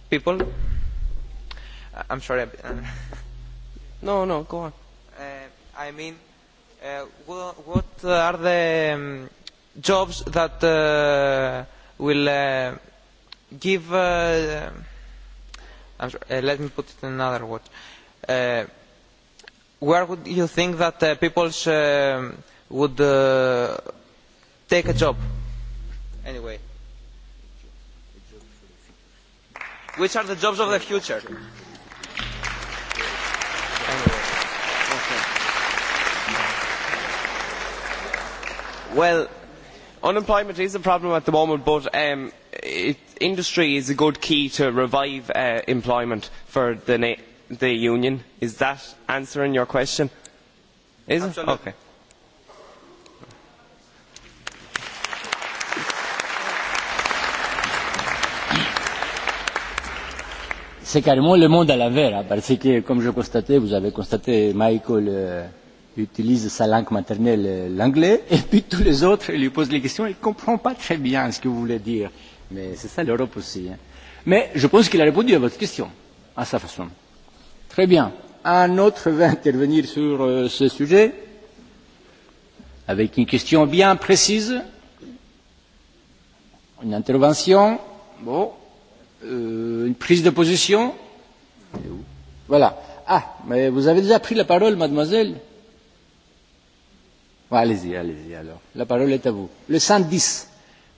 people? Uh, I'm sorry. Uh, no, no, go on. Uh, I mean, uh, what are the um, jobs that uh, will uh, give. Uh, Uh, let me put it in another word. Uh, where would you think that uh, people uh, would uh, take a job? Anyway. Which are the jobs of the future? Well, unemployment is a problem at the moment but um, it, industry is a good key to revive uh, employment for the, the union. is that answering your question? is it? okay. C'est carrément le monde à l'envers, parce que, comme je constatais, vous avez constaté, Michael, euh, utilise sa langue maternelle, euh, l'anglais, et puis tous les autres lui posent les questions, il ne comprend pas très bien ce que vous voulez dire. Mais c'est ça l'Europe aussi. Hein. Mais je pense qu'il a répondu à votre question, à sa façon. Très bien. Un autre veut intervenir sur euh, ce sujet, avec une question bien précise, une intervention, bon, euh, une prise de position. Voilà. Ah, mais vous avez déjà pris la parole, mademoiselle allez-y, allez-y alors. La parole est à vous. Le 110.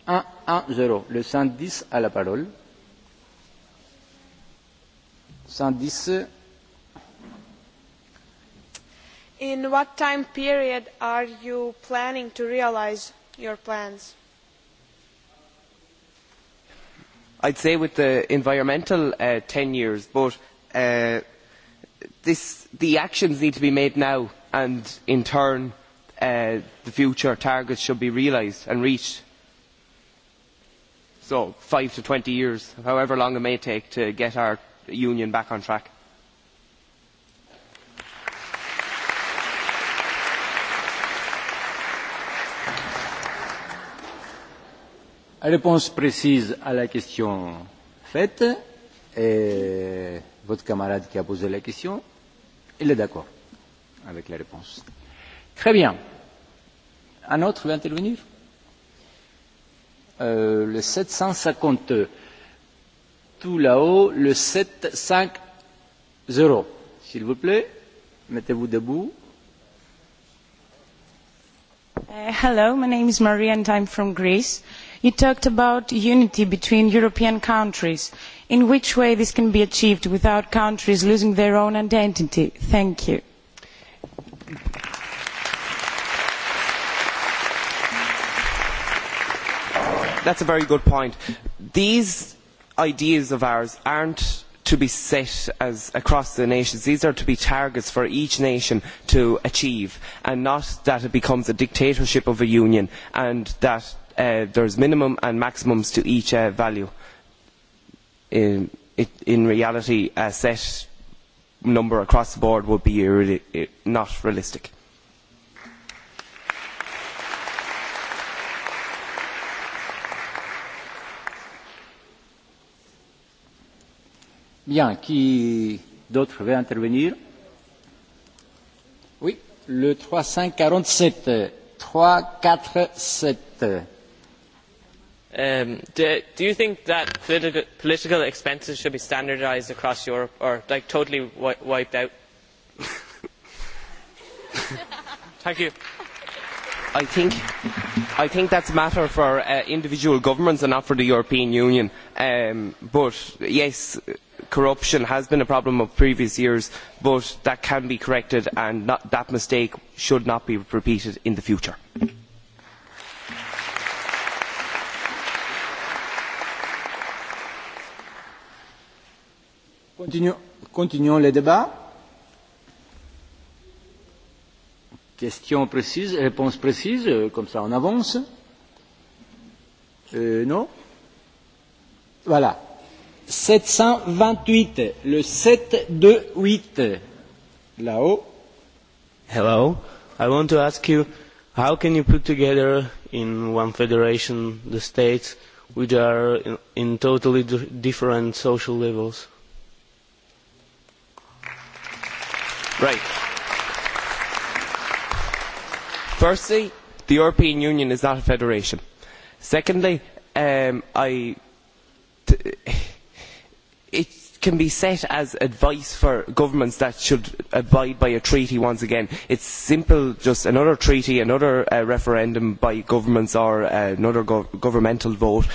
1, 1, 0. Le 110 a la parole. 110. In what time period are you planning to realize your plans? I'd say with the environmental uh, 10 years, but uh, this, the actions need to be made now and in turn uh, uh, the future targets should be realised and reached. So five to twenty years, however long it may take to get our union back on track. Réponse précise à la question faite. Et votre camarade qui a posé la question, il est d'accord avec la réponse. Très bien. Un autre veut intervenir euh, Le 752. Tout là-haut, le 750. S'il vous plaît, mettez-vous debout. Uh, hello, my name is Maria and I'm from Greece. You talked about unity between European countries. In which way this can be achieved without countries losing their own identity? Thank you. that is a very good point. These ideas of ours are not to be set across the nations. These are to be targets for each nation to achieve, and not that it becomes a dictatorship of a union and that uh, there is minimum and maximums to each uh, value. In, it, in reality, a set number across the board would be not realistic. Bien, qui d'autre veut intervenir Oui, le 347. 347. Um, do, do you think that political, political expenses should be standardised across Europe or like totally wi wiped out? Thank you. I think, I think that's a matter for uh, individual governments and not for the European Union. Um, but yes, corruption has been a problem of previous years but that can be corrected and not, that mistake should not be repeated in the future. Continuons, continuons le débat. Questions précises, réponses précises, comme ça on avance. Euh, non Voilà sept cent vingt huit le sept de huit là haut hello i want to ask you how can you put together in one federation the states which are in, in totally different social levels right firstly the european union is not a federation secondly um, i t it can be set as advice for governments that should abide by a treaty once again. It is simple, just another treaty, another uh, referendum by governments or uh, another governmental vote.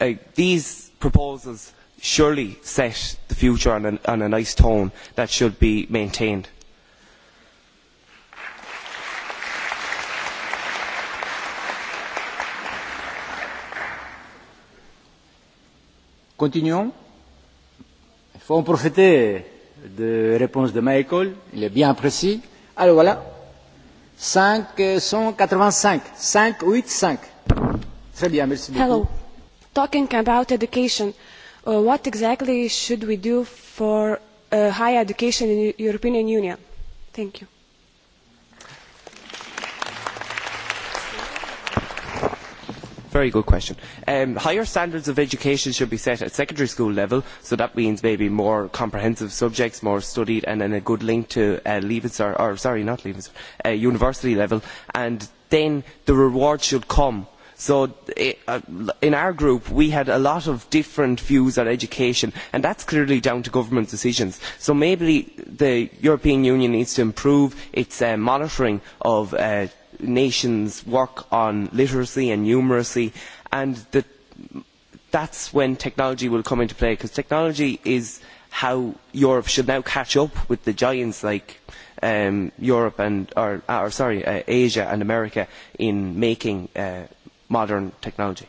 Uh, these proposals surely set the future on, a nice tone that should be maintained faut en profiter de réponse de Michael, il est bien précis. Alors voilà, 585, 585. Très bien, merci beaucoup. Hello. Talking about education, uh, what exactly should we do for uh, higher education in the European Union? Thank you. very good question. Um, higher standards of education should be set at secondary school level, so that means maybe more comprehensive subjects, more studied, and then a good link to uh, Leavens or, or sorry, not Leavens, uh, university level, and then the reward should come. So uh, in our group, we had a lot of different views on education, and that is clearly down to government decisions. So maybe the European Union needs to improve its uh, monitoring of uh, nations work on literacy and numeracy and the, that's when technology will come into play because technology is how Europe should now catch up with the giants like um, Europe and or, or sorry uh, Asia and America in making uh, modern technology.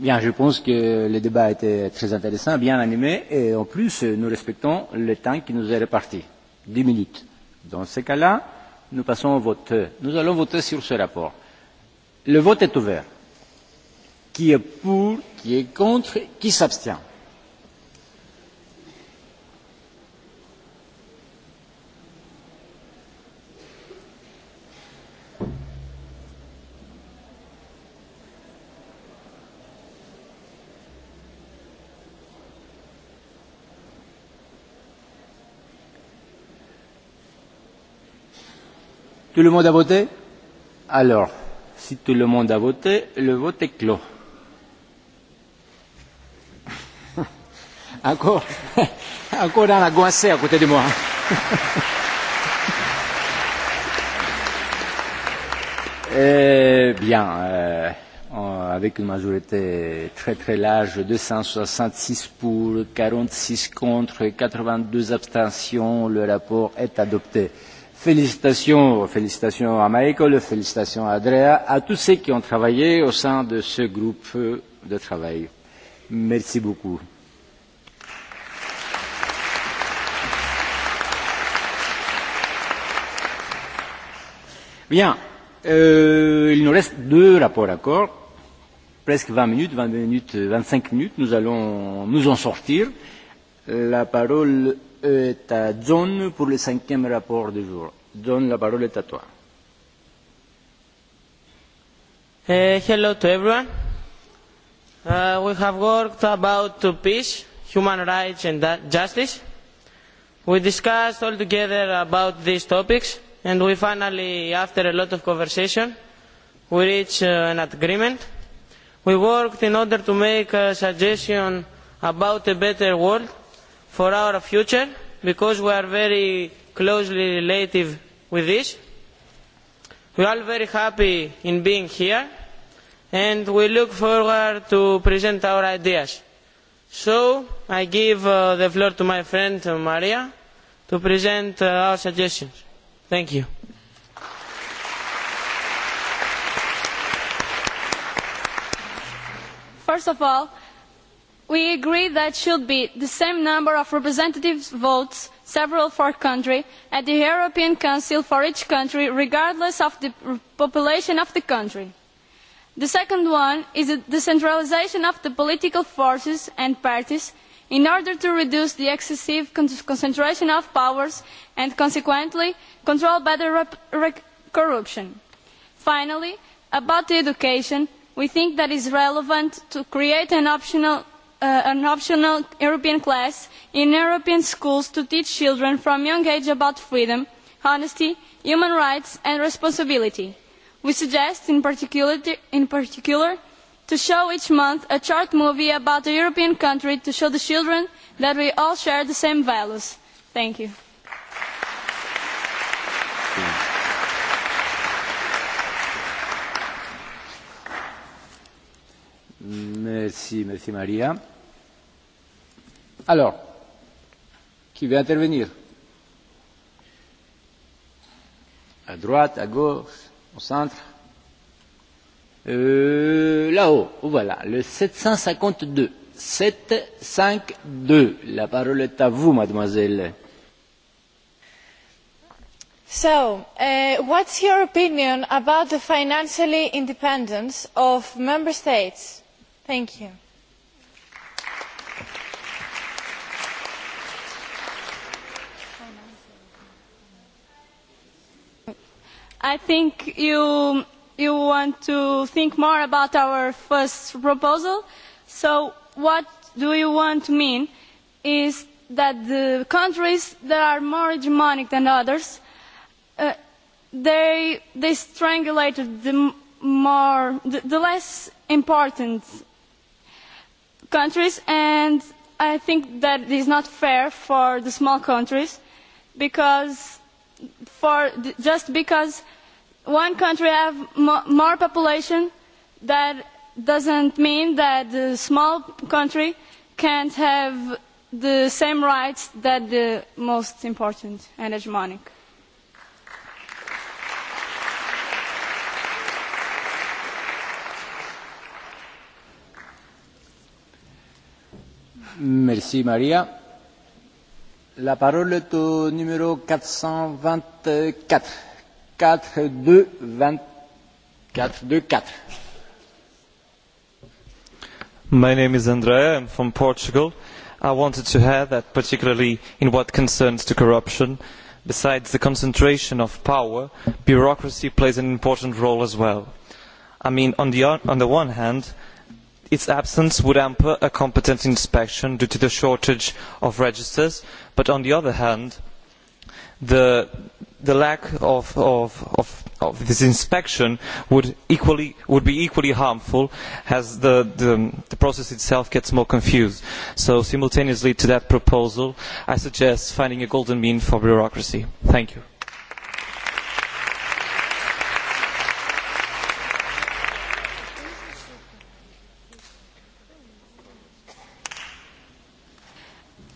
Bien, je pense que le débat a été très intéressant, bien animé, et en plus, nous respectons le temps qui nous est réparti. Dix minutes. Dans ce cas-là, nous passons au vote. Nous allons voter sur ce rapport. Le vote est ouvert. Qui est pour Qui est contre Qui s'abstient Tout le monde a voté Alors, si tout le monde a voté, le vote est clos. Encore, encore dans la goinsée à côté de moi. Eh bien, euh, avec une majorité très très large, 266 pour, 46 contre, et 82 abstentions, le rapport est adopté. Félicitations, félicitations à Michael, félicitations à Andrea, à tous ceux qui ont travaillé au sein de ce groupe euh, de travail. Merci beaucoup. Bien, euh, il nous reste deux rapports d'accords, presque 20 minutes, 20 minutes, 25 minutes, nous allons nous en sortir. La parole est à John pour John, la parole est à toi. Eh, hello to everyone. Uh, we have worked about peace, human rights and justice. We discussed all together about these topics and we finally, after a lot of conversation, we reached uh, an agreement. We worked in order to make a suggestion about a better world for our future because we are very closely related with this. We are very happy in being here and we look forward to present our ideas. So I give uh, the floor to my friend uh, Maria to present uh, our suggestions. Thank you. First of all, we agree that there should be the same number of representative votes several for country at the european council for each country regardless of the population of the country. the second one is the decentralisation of the political forces and parties in order to reduce the excessive concentration of powers and consequently control better corruption. finally about education we think that it is relevant to create an optional uh, an optional European class in European schools to teach children from a young age about freedom, honesty, human rights and responsibility. We suggest in particular, in particular to show each month a short movie about a European country to show the children that we all share the same values. Thank you. Merci, merci Maria. Alors, qui veut intervenir À droite, à gauche, au centre euh, Là-haut, voilà, le 752. 752. La parole est à vous, mademoiselle. So, uh, what's your opinion about the financial independence of member states? Thank you. I think you, you want to think more about our first proposal. So what do you want to mean is that the countries that are more hegemonic than others, uh, they, they strangulated the, more, the, the less important countries and I think that it is not fair for the small countries because for just because one country has mo more population that doesn't mean that the small country can't have the same rights that the most important and hegemonic. La parole est au numéro 424. 4 My name is Andrea. I'm from Portugal. I wanted to add that particularly in what concerns to corruption, besides the concentration of power, bureaucracy plays an important role as well. I mean, on the, on the one hand, its absence would hamper a competent inspection due to the shortage of registers but on the other hand the, the lack of, of, of, of, this inspection would, equally, would be equally harmful as the, the, the, process itself gets more confused. So simultaneously to that proposal, I suggest finding a golden mean for bureaucracy. Thank you.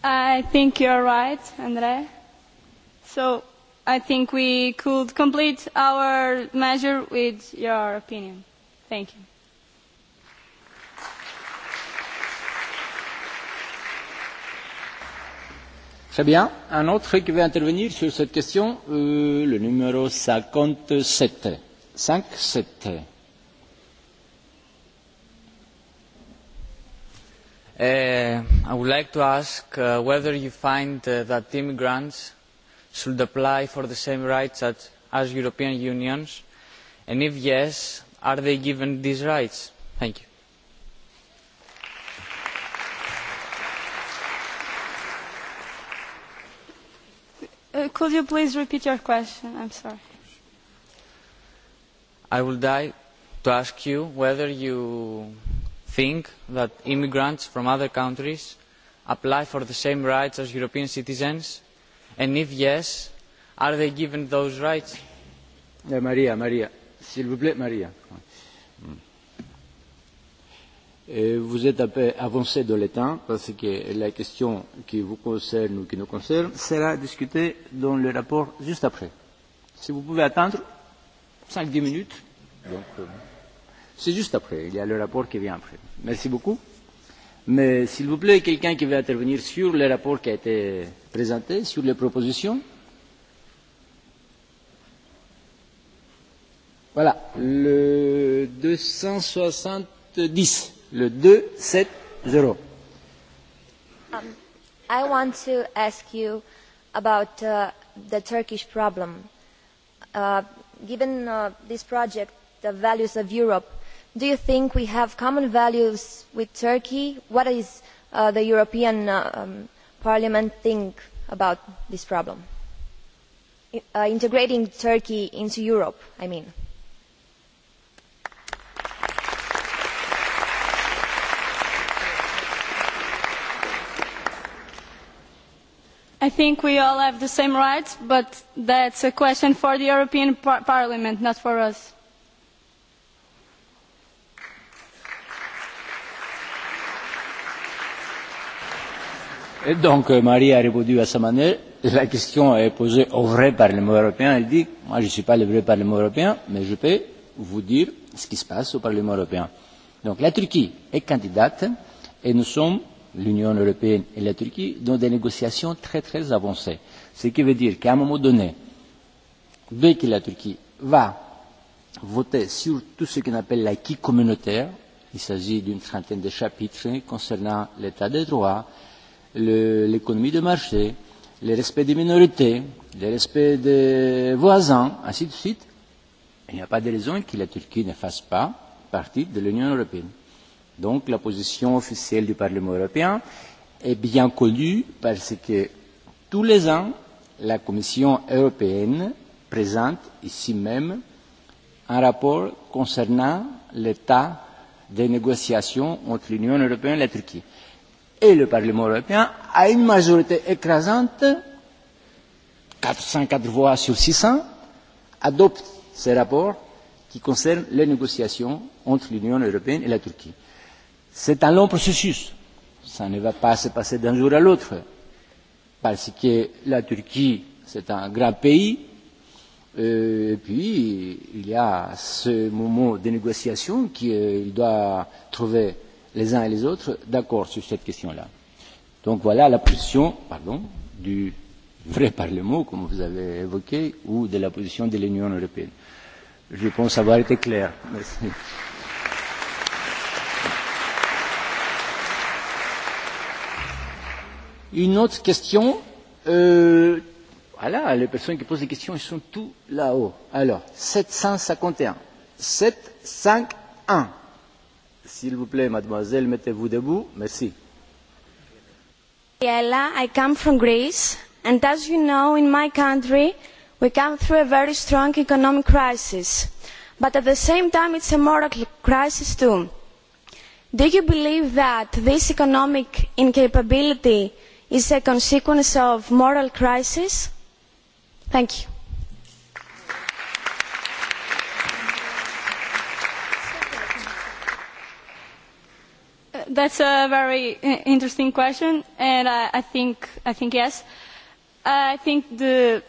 I think you're right, Andre. So I think we could complete our measure with your opinion. Thank you. Très bien. Un autre qui veut intervenir sur cette question, euh, le numéro 57. 57. Uh, i would like to ask uh, whether you find uh, that immigrants should apply for the same rights as, as european unions and if yes are they given these rights? thank you. could you please repeat your question? i'm sorry. i would like to ask you whether you think that immigrants from other countries apply for the same rights as european citizens and if yes are they given those rights? Eh, Maria, Maria. Vous, plaît, eh, vous êtes un peu avancé dans le temps parce que la question qui vous concerne ou qui nous concerne sera discutée dans le rapport juste après. Si vous pouvez attendre minutes. Donc, euh... C'est juste après. Il y a le rapport qui vient après. Merci beaucoup. Mais s'il vous plaît, quelqu'un qui veut intervenir sur le rapport qui a été présenté, sur les propositions Voilà, le 270, le 270. Um, I want to ask you about uh, the Turkish problem. Uh, given uh, this project, the values of Europe, do you think we have common values with turkey? what does uh, the european uh, um, parliament think about this problem uh, integrating turkey into europe i mean? i think we all have the same rights but that is a question for the european parliament not for us. donc euh, Marie a répondu à sa manière. La question est posée au vrai Parlement européen. Elle dit Moi, je ne suis pas le vrai Parlement européen, mais je peux vous dire ce qui se passe au Parlement européen. Donc la Turquie est candidate et nous sommes, l'Union européenne et la Turquie, dans des négociations très très avancées. Ce qui veut dire qu'à un moment donné, dès que la Turquie va voter sur tout ce qu'on appelle l'acquis communautaire, il s'agit d'une trentaine de chapitres concernant l'état des droits, l'économie de marché, le respect des minorités, le respect des voisins, ainsi de suite, il n'y a pas de raison que la Turquie ne fasse pas partie de l'Union européenne. Donc la position officielle du Parlement européen est bien connue parce que tous les ans, la Commission européenne présente ici même un rapport concernant l'état des négociations entre l'Union européenne et la Turquie et le Parlement européen à une majorité écrasante, 404 voix sur 600, adopte ce rapport qui concerne les négociations entre l'Union européenne et la Turquie. C'est un long processus. Ça ne va pas se passer d'un jour à l'autre. Parce que la Turquie, c'est un grand pays. Euh, et puis, il y a ce moment de négociation qu'il euh, doit trouver les uns et les autres d'accord sur cette question-là. Donc voilà la position pardon, du vrai Parlement, comme vous avez évoqué, ou de la position de l'Union européenne. Je pense avoir été clair. Merci. Une autre question. Euh, voilà, les personnes qui posent des questions, ils sont tous là-haut. Alors, 751. 751. S'il vous plaît, mademoiselle, mettez-vous debout. Merci. Ella, I come from Greece, and as you know, in my country, we come through a very strong economic crisis. But at the same time, it's a moral crisis too. Do you believe that this economic incapability is a consequence of moral crisis? Thank you. that's a very interesting question, and I, I think I think yes. I think the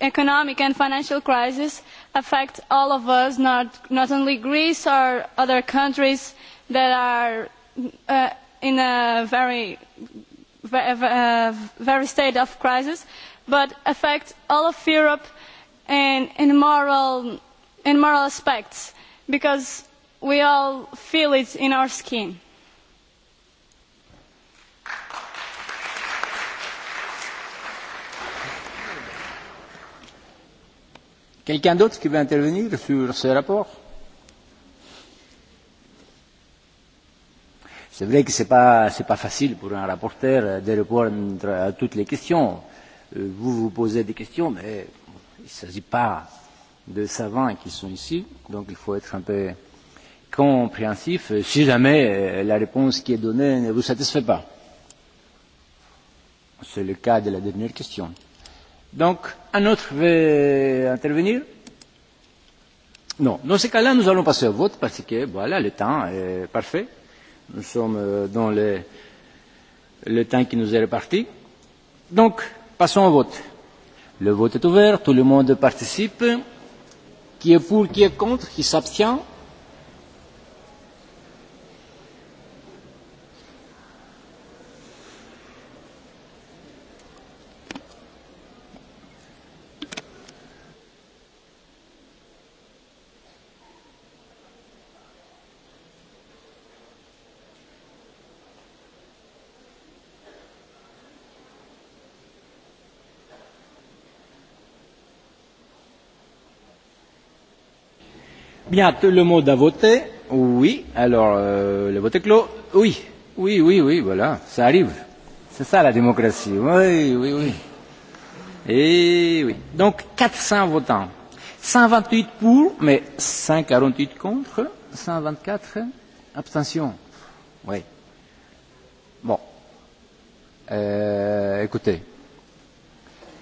economic and financial crisis affects all of us, not not only Greece or other countries that are uh, in a very uh, uh, very state of crisis, but affects all of Europe in in moral in moral aspects because we all feel it in our skin Quelqu'un d'autre qui veut intervenir sur ce rapport C'est vrai que ce n'est pas, pas facile pour un rapporteur de répondre à toutes les questions. Euh, vous vous posez des questions, mais il ne s'agit pas de savants qui sont ici, donc il faut être un peu compréhensif si jamais euh, la réponse qui est donnée ne vous satisfait pas. C'est le cas de la dernière question. Donc, un autre veut intervenir Non. Dans ce cas-là, nous allons passer au vote parce que, voilà, le temps est parfait. Nous sommes euh, dans le, le temps qui nous est réparti. Donc, passons au vote. Le vote est ouvert, tout le monde participe. Qui est pour, qui est contre, qui s'abstient bien, le mot à voter, Oui. Alors, euh, le vote est clos Oui. Oui, oui, oui, voilà, ça arrive. C'est ça la démocratie. Oui, oui, oui. Et oui. Donc, 400 votants. 128 pour, mais 148 contre, 124 abstentions. Oui. Bon. Euh, écoutez,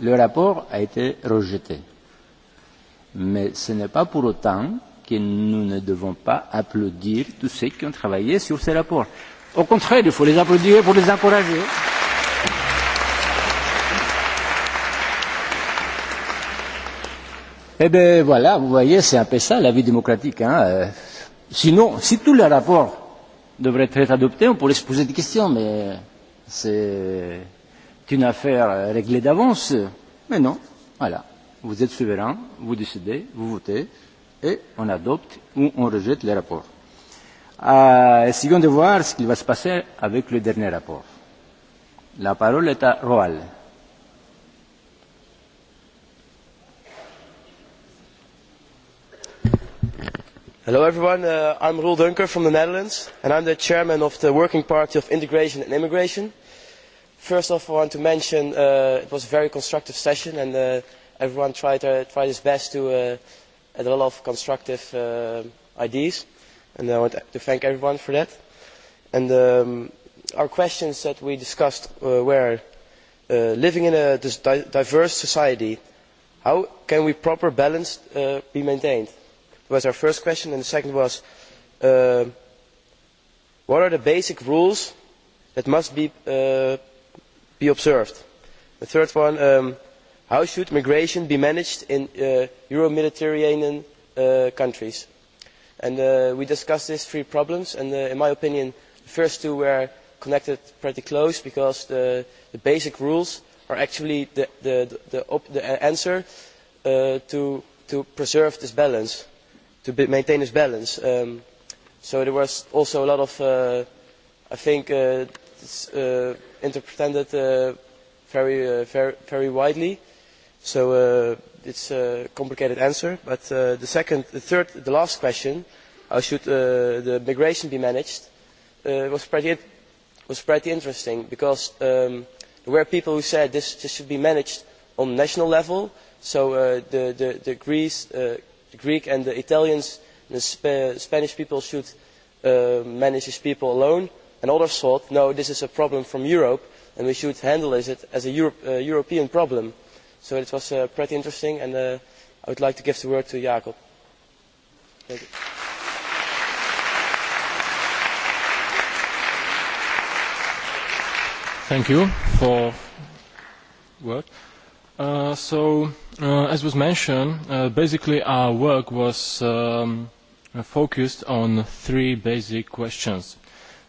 le rapport a été rejeté. Mais ce n'est pas pour autant que nous ne devons pas applaudir tous ceux qui ont travaillé sur ces rapports. Au contraire, il faut les applaudir pour les encourager. Eh bien voilà, vous voyez, c'est un peu ça la vie démocratique. Hein. Euh, sinon, si tous les rapports devraient être adoptés, on pourrait se poser des questions, mais c'est une affaire euh, réglée d'avance. Mais non, voilà, vous êtes souverain, vous décidez, vous votez et on adopte ou on rejette les rapports. Euh, essayons de voir ce qui va se passer avec le dernier rapport. La parole est à Roal. Hello everyone, uh, I'm Roel Dunker from the Netherlands and I'm the chairman of the Working Party of Integration and Immigration. First off, I want to mention uh, it was a very constructive session and uh, everyone tried, uh, tried his best to uh, and a lot of constructive uh, ideas, and I want to thank everyone for that. And um, our questions that we discussed uh, were uh, living in a diverse society, how can we proper balance uh, be maintained? That was our first question, and the second was uh, what are the basic rules that must be, uh, be observed? The third one. Um, how should migration be managed in uh, euro mediterranean uh, countries? Uh, we discussed these three problems and in my opinion the first two were connected pretty close because the, the basic rules are actually the, the, the, the the answer uh, to, to preserve this balance, to be, maintain this balance. Um, so there was also a lot of, uh, I think, uh, uh, interpreted uh, very, uh, very, very widely so uh, it is a complicated answer but uh, the second the third the last question how should uh, the migration be managed uh, was pretty interesting because um, there were people who said this, this should be managed on national level so uh, the, the, the, Greece, uh, the Greek and the Italians and the Spanish people should uh, manage these people alone and others thought no this is a problem from Europe and we should handle it as a European problem so it was uh, pretty interesting and uh, I would like to give the word to Jacob. Thank you. Thank you for work. Uh, so, uh, as was mentioned, uh, basically our work was um, focused on three basic questions.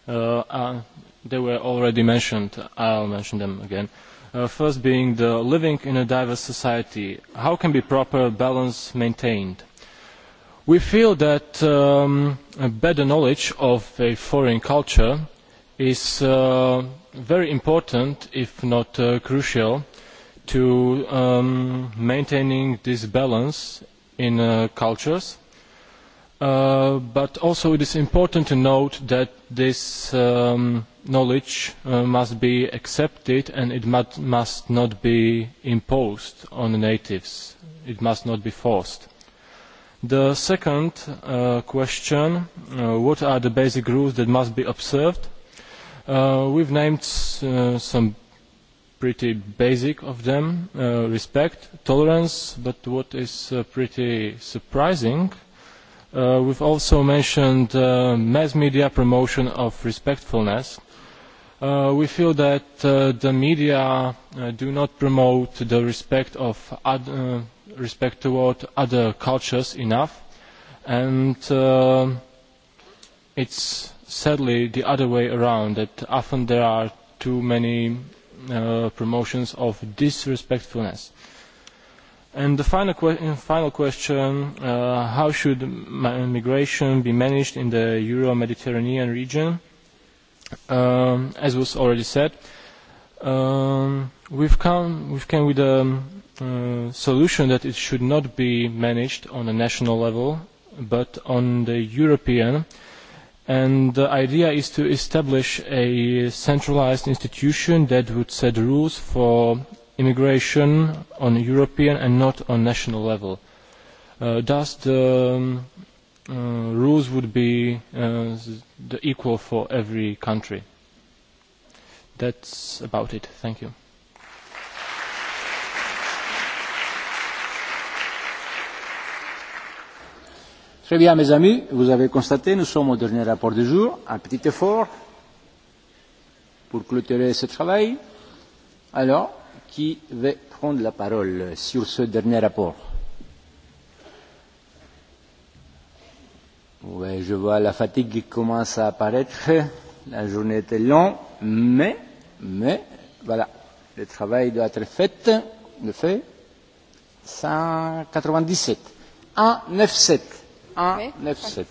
Uh, uh, they were already mentioned. I'll mention them again. Uh, Uh, first being the living in a diverse society. How can be proper balance maintained? We feel that um, a better knowledge of a foreign culture is uh, very important, if not uh, crucial, to um, maintaining this balance in uh, cultures Uh, but also it is important to note that this um, knowledge uh, must be accepted and it must, must not be imposed on the natives. It must not be forced. The second uh, question, uh, what are the basic rules that must be observed? Uh, We have named some pretty basic of them, respect, tolerance, but what is pretty surprising uh, Uh, we've also mentioned uh, mass media promotion of respectfulness. Uh, we feel that uh, the media uh, do not promote the respect of ad, uh, respect toward other cultures enough, and uh, it's sadly the other way around. That often there are too many uh, promotions of disrespectfulness. Uh, And the final, que final question, uh, how should migration be managed in the Euro-Mediterranean region? Um, as was already said, um, we've, come, we've come with a um, solution that it should not be managed on a national level, but on the European. And the idea is to establish a centralized institution that would set rules for immigration on European and not on national level. Uh, thus, the um, uh, rules would be uh, the equal for every country. That's about it. Thank you. Très bien, mes amis, vous avez constaté, nous sommes au dernier rapport du jour. Un petit effort pour clôturer ce travail. Alors, qui veut prendre la parole sur ce dernier rapport Oui, je vois la fatigue qui commence à apparaître. La journée était longue, mais, mais, voilà, le travail doit être fait. Le fait, 197. 197. 197.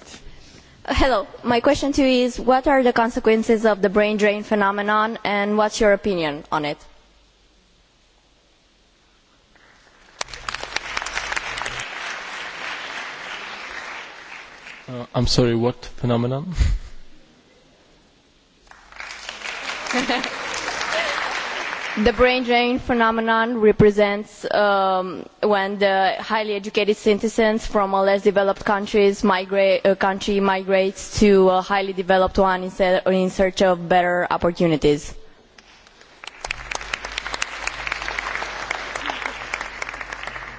Hello, my question to you is what are the consequences of the brain drain phenomenon and what's your opinion on it? Uh, I'm sorry, what phenomenon? the brain drain phenomenon represents um, when the highly educated citizens from a less developed countries migrate, uh, country migrates to a highly developed one se- in search of better opportunities.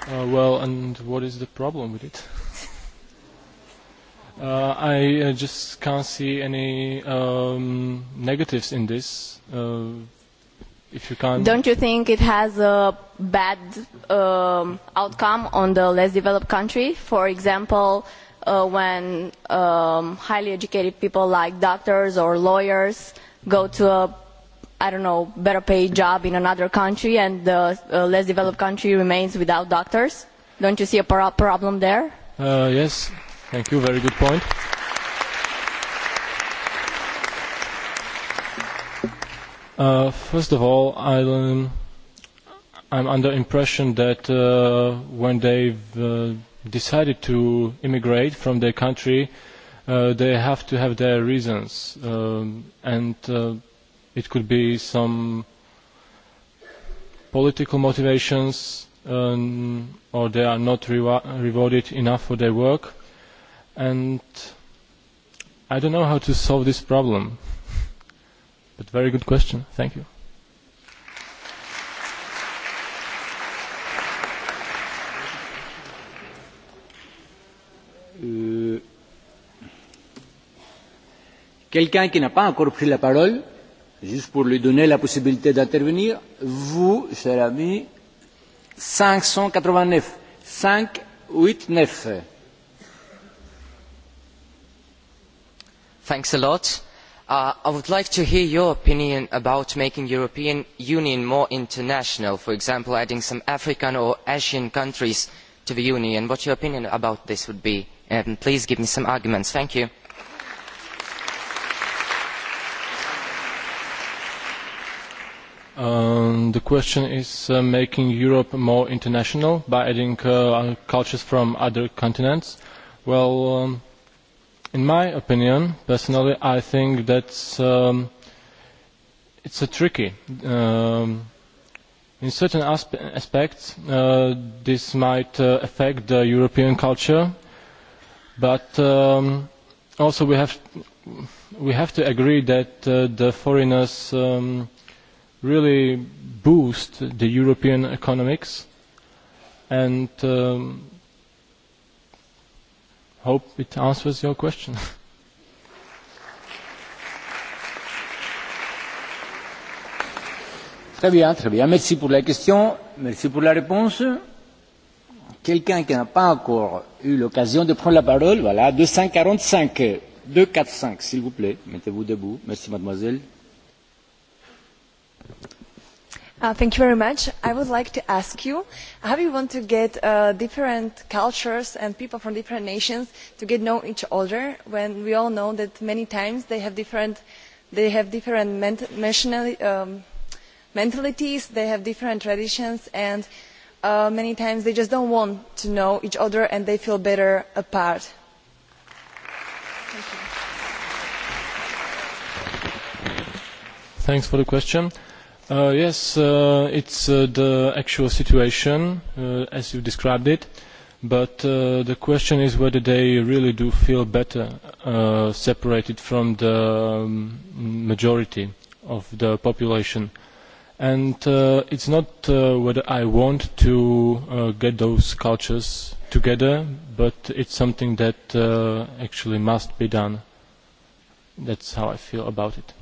Uh, well, and what is the problem with it? Uh, I uh, just can't see any um, negatives in this. Uh, if you can't. Don't you think it has a bad um, outcome on the less developed country? For example, uh, when um, highly educated people like doctors or lawyers go to a I don't know, better paid job in another country and the uh, less developed country remains without doctors? Don't you see a pro problem there? Uh, yes, Thank you. Very good point. Uh, first of all, I, um, I'm under impression that uh, when they've uh, decided to immigrate from their country, uh, they have to have their reasons, um, and uh, it could be some political motivations, um, or they are not rewa rewarded enough for their work and I don't know how to solve this problem. But very good question. Thank you. Uh, quelqu'un qui n'a pas encore pris la parole, juste pour lui donner la possibilité d'intervenir, vous, cher ami, 589, 589. thanks a lot. Uh, I would like to hear your opinion about making the European Union more international, for example, adding some African or Asian countries to the Union. What your opinion about this would be, and please give me some arguments. Thank you. Um, the question is uh, making Europe more international by adding uh, cultures from other continents. Well, um, in my opinion, personally, I think that um, it's a tricky. Um, in certain aspe aspects, uh, this might uh, affect the European culture, but um, also we have we have to agree that uh, the foreigners um, really boost the European economics, and um, Hope it answers your question. Très bien, très bien. Merci pour la question, merci pour la réponse. Quelqu'un qui n'a pas encore eu l'occasion de prendre la parole, voilà, 245, 245, s'il vous plaît, mettez-vous debout. Merci, mademoiselle. Uh, thank you very much. I would like to ask you how you want to get uh, different cultures and people from different nations to get to know each other when we all know that many times they have different, they have different ment- um, mentalities, they have different traditions, and uh, many times they just don't want to know each other and they feel better apart. Thank you. Thanks for the question Uh, yes, uh, it's uh, the actual situation uh, as you described it, but uh, the question is whether they really do feel better uh, separated from the um, majority of the population. And uh, it's not uh, whether I want to uh, get those cultures together, but it's something that uh, actually must be done. That's how I feel about it.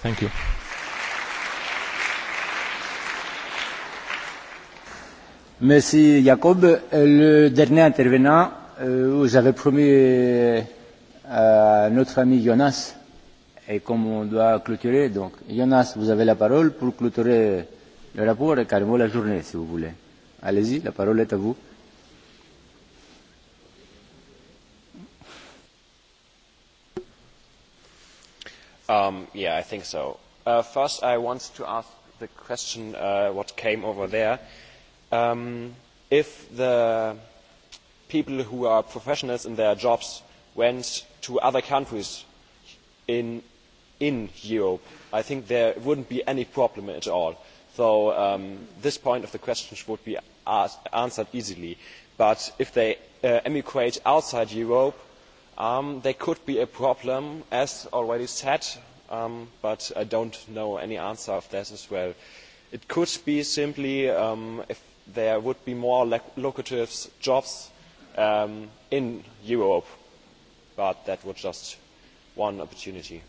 Thank you. Monsieur Jacob, euh, le dernier intervenant, euh, vous avez promis euh, à notre ami Jonas, et comme on doit clôturer, donc Jonas, vous avez la parole pour clôturer le rapport et carrément la journée, si vous voulez. Allez-y, la parole est à vous. Um, yeah, I think so. Uh, first, I want to ask the question uh, what came over there Um, if the people who are professionals in their jobs went to other countries in, Europe, I think there would not be any problem at all. So um, this point of the question would be answered easily. But if they uh, emigrate outside Europe, um, there could be a problem, as already said, but I don't know any answer to that as well. It could be simply if there would be more lucrative jobs um, in Europe, but that was just one opportunity.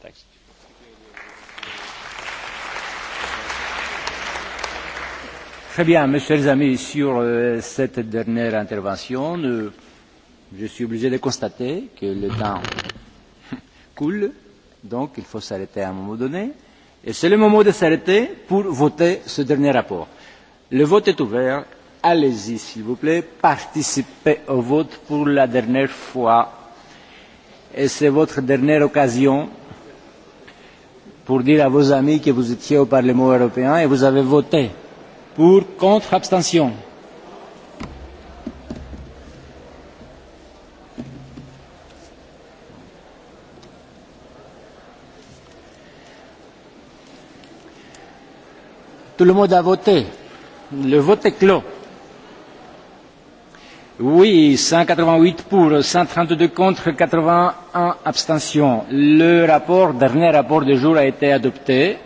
Thanks. Très bien, mes chers amis, sur euh, cette dernière intervention, euh, je suis obligé de constater que le temps coule, donc il faut s'arrêter à un moment donné. Et c'est le moment de s'arrêter pour voter ce dernier rapport. Le vote est ouvert. Allez-y, s'il vous plaît. Participez au vote pour la dernière fois. Et c'est votre dernière occasion pour dire à vos amis que vous étiez au Parlement européen et vous avez voté pour, contre, abstention. Tout le monde a voté. Le vote est clos. Oui, 188 pour, 132 contre, 81 abstentions. Le rapport, dernier rapport du jour a été adopté.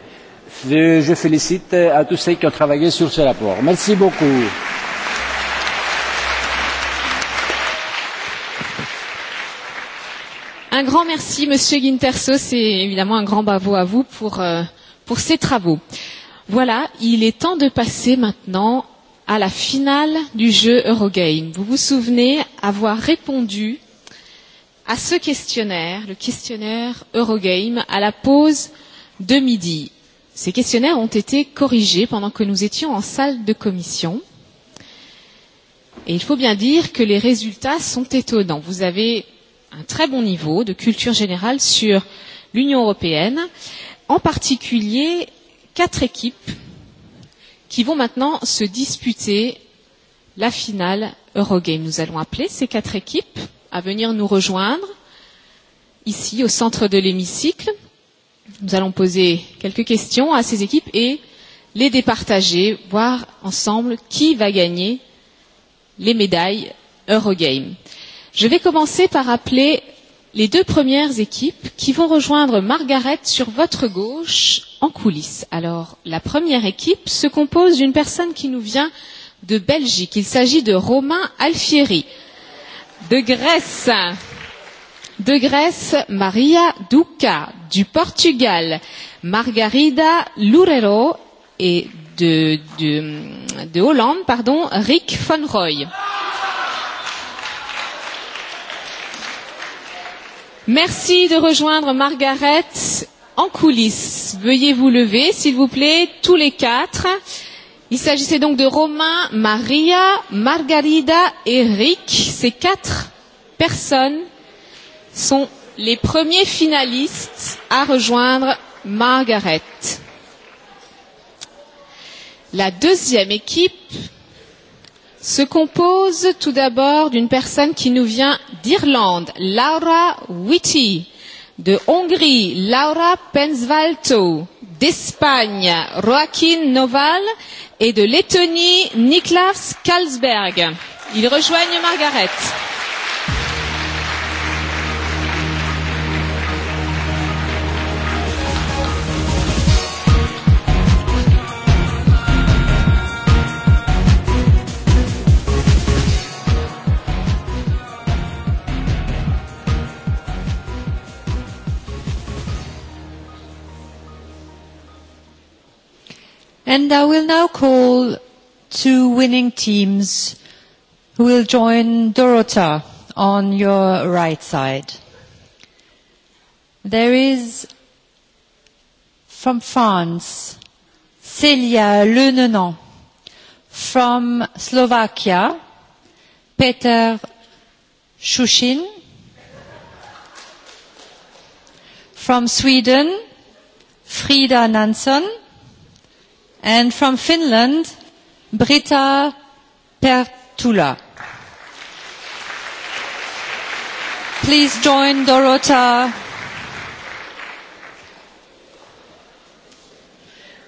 Je félicite euh, à tous ceux qui ont travaillé sur ce rapport. Merci beaucoup. Un grand merci, Monsieur Guintersos, et évidemment un grand bravo à vous pour, euh, pour ces travaux. Voilà, il est temps de passer maintenant à la finale du jeu Eurogame. Vous vous souvenez avoir répondu à ce questionnaire, le questionnaire Eurogame, à la pause de midi. Ces questionnaires ont été corrigés pendant que nous étions en salle de commission. Et il faut bien dire que les résultats sont étonnants. Vous avez un très bon niveau de culture générale sur l'Union européenne, en particulier quatre équipes qui vont maintenant se disputer la finale Eurogame. Nous allons appeler ces quatre équipes à venir nous rejoindre ici au centre de l'hémicycle. Nous allons poser quelques questions à ces équipes et les départager, voir ensemble qui va gagner les médailles Eurogame. Je vais commencer par appeler les deux premières équipes qui vont rejoindre Margaret sur votre gauche en coulisses. Alors, la première équipe se compose d'une personne qui nous vient de Belgique. Il s'agit de Romain Alfieri. De Grèce, de Grèce, Maria Duca. Du Portugal, Margarida Lurero Et de, de, de Hollande, pardon, Rick von Roy. Merci de rejoindre Margaret en coulisses. Veuillez vous lever, s'il vous plaît, tous les quatre. Il s'agissait donc de Romain, Maria, Margarida et Rick. Ces quatre personnes sont les premiers finalistes à rejoindre Margaret. La deuxième équipe se compose tout d'abord d'une personne qui nous vient d'Irlande, Laura Whitty de Hongrie, Laura Penzvalto, d'Espagne, Joaquin Noval et de Lettonie, Niklas Kalsberg. Ils rejoignent Margaret. And I will now call two winning teams who will join Dorota on your right side. There is from France, Celia Lenenon. From Slovakia, Peter Shushin. From Sweden, Frida Nansson. And from Finland, Britta Pertula. Please join Dorota.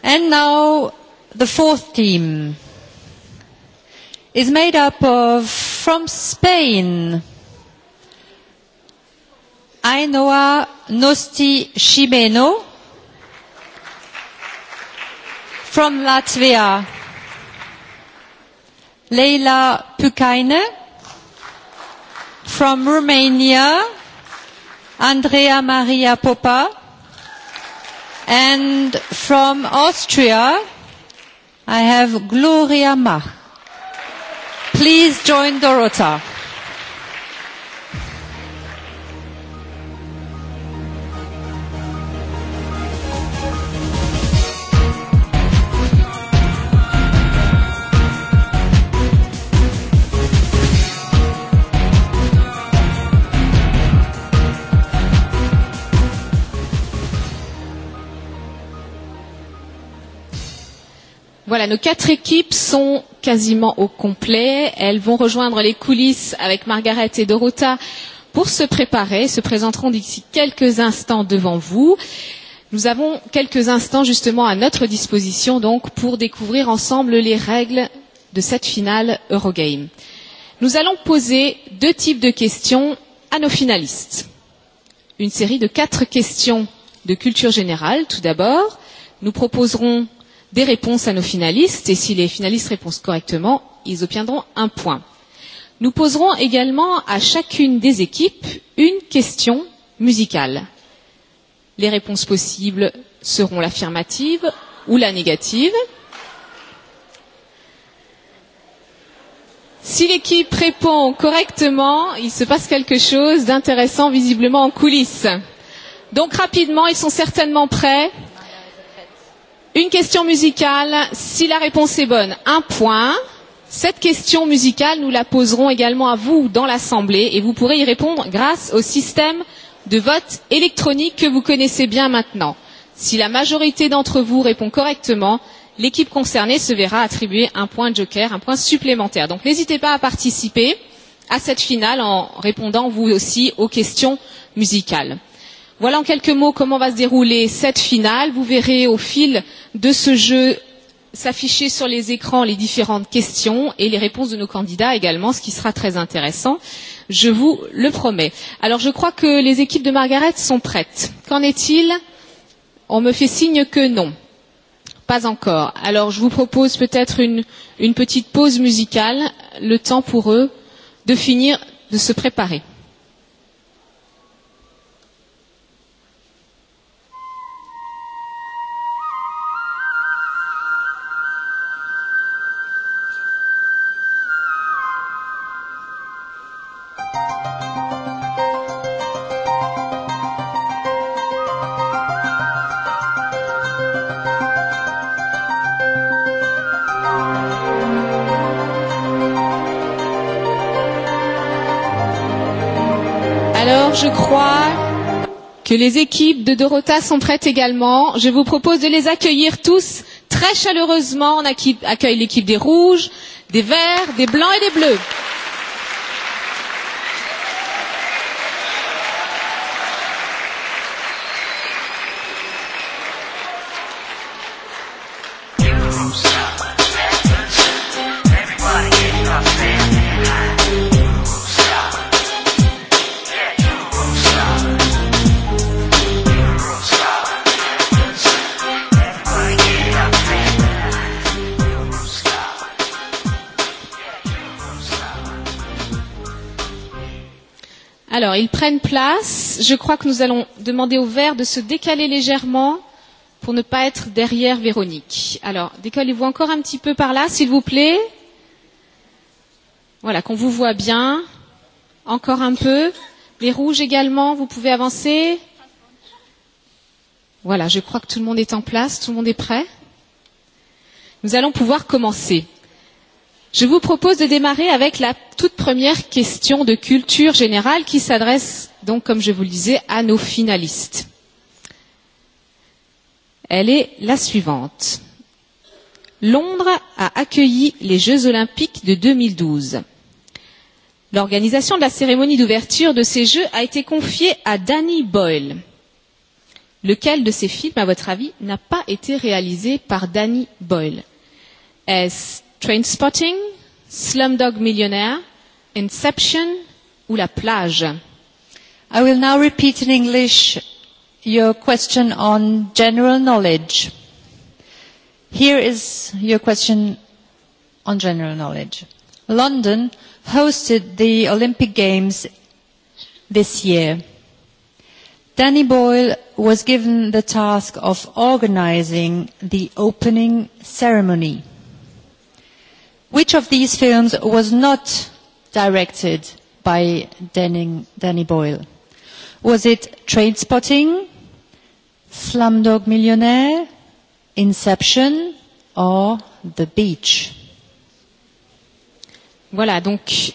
And now the fourth team is made up of from Spain, Ainoa Nosti Shimeno from Latvia. Leila Pukaine from Romania. Andrea Maria Popa. And from Austria, I have Gloria Mach. Please join Dorota. Voilà, nos quatre équipes sont quasiment au complet. Elles vont rejoindre les coulisses avec Margaret et Dorota pour se préparer, se présenteront d'ici quelques instants devant vous. Nous avons quelques instants justement à notre disposition donc pour découvrir ensemble les règles de cette finale Eurogame. Nous allons poser deux types de questions à nos finalistes. Une série de quatre questions de culture générale tout d'abord. Nous proposerons des réponses à nos finalistes et si les finalistes répondent correctement, ils obtiendront un point. Nous poserons également à chacune des équipes une question musicale. Les réponses possibles seront l'affirmative ou la négative. Si l'équipe répond correctement, il se passe quelque chose d'intéressant visiblement en coulisses. Donc rapidement, ils sont certainement prêts. Une question musicale, si la réponse est bonne, un point. Cette question musicale, nous la poserons également à vous dans l'Assemblée et vous pourrez y répondre grâce au système de vote électronique que vous connaissez bien maintenant. Si la majorité d'entre vous répond correctement, l'équipe concernée se verra attribuer un point joker, un point supplémentaire. Donc n'hésitez pas à participer à cette finale en répondant vous aussi aux questions musicales. Voilà en quelques mots comment va se dérouler cette finale. Vous verrez au fil de ce jeu s'afficher sur les écrans les différentes questions et les réponses de nos candidats également, ce qui sera très intéressant, je vous le promets. Alors je crois que les équipes de Margaret sont prêtes. Qu'en est-il On me fait signe que non. Pas encore. Alors je vous propose peut-être une, une petite pause musicale, le temps pour eux de finir de se préparer. Alors je crois que les équipes de Dorota sont prêtes également. Je vous propose de les accueillir tous très chaleureusement. On accueille l'équipe des rouges, des verts, des blancs et des bleus. Alors, ils prennent place. Je crois que nous allons demander au vert de se décaler légèrement pour ne pas être derrière Véronique. Alors, décalez-vous encore un petit peu par là, s'il vous plaît. Voilà, qu'on vous voit bien. Encore un peu. Les rouges également, vous pouvez avancer. Voilà, je crois que tout le monde est en place, tout le monde est prêt. Nous allons pouvoir commencer. Je vous propose de démarrer avec la toute première question de culture générale qui s'adresse donc, comme je vous le disais, à nos finalistes. Elle est la suivante. Londres a accueilli les Jeux olympiques de 2012. L'organisation de la cérémonie d'ouverture de ces Jeux a été confiée à Danny Boyle. Lequel de ces films, à votre avis, n'a pas été réalisé par Danny Boyle Est-ce Train Spotting, Slumdog Millionaire, Inception ou La Plage. I will now repeat in English your question on general knowledge. Here is your question on general knowledge. London hosted the Olympic Games this year. Danny Boyle was given the task of organizing the opening ceremony. Which of these films was not directed by Denning, Danny Boyle? Was it Trade Spotting, Slumdog Millionaire, Inception or The Beach? Voilà, donc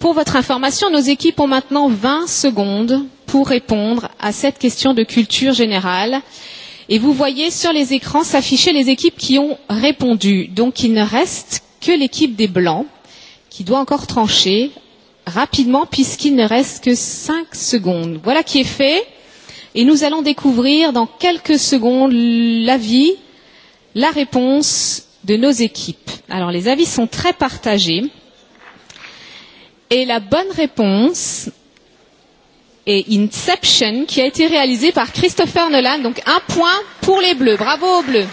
pour votre information, nos équipes ont maintenant 20 secondes pour répondre à cette question de culture générale. Et vous voyez sur les écrans s'afficher les équipes qui ont répondu. Donc il ne reste que l'équipe des Blancs, qui doit encore trancher rapidement puisqu'il ne reste que 5 secondes. Voilà qui est fait. Et nous allons découvrir dans quelques secondes l'avis, la réponse de nos équipes. Alors les avis sont très partagés. Et la bonne réponse est Inception qui a été réalisée par Christopher Nolan. Donc un point pour les Bleus. Bravo aux Bleus.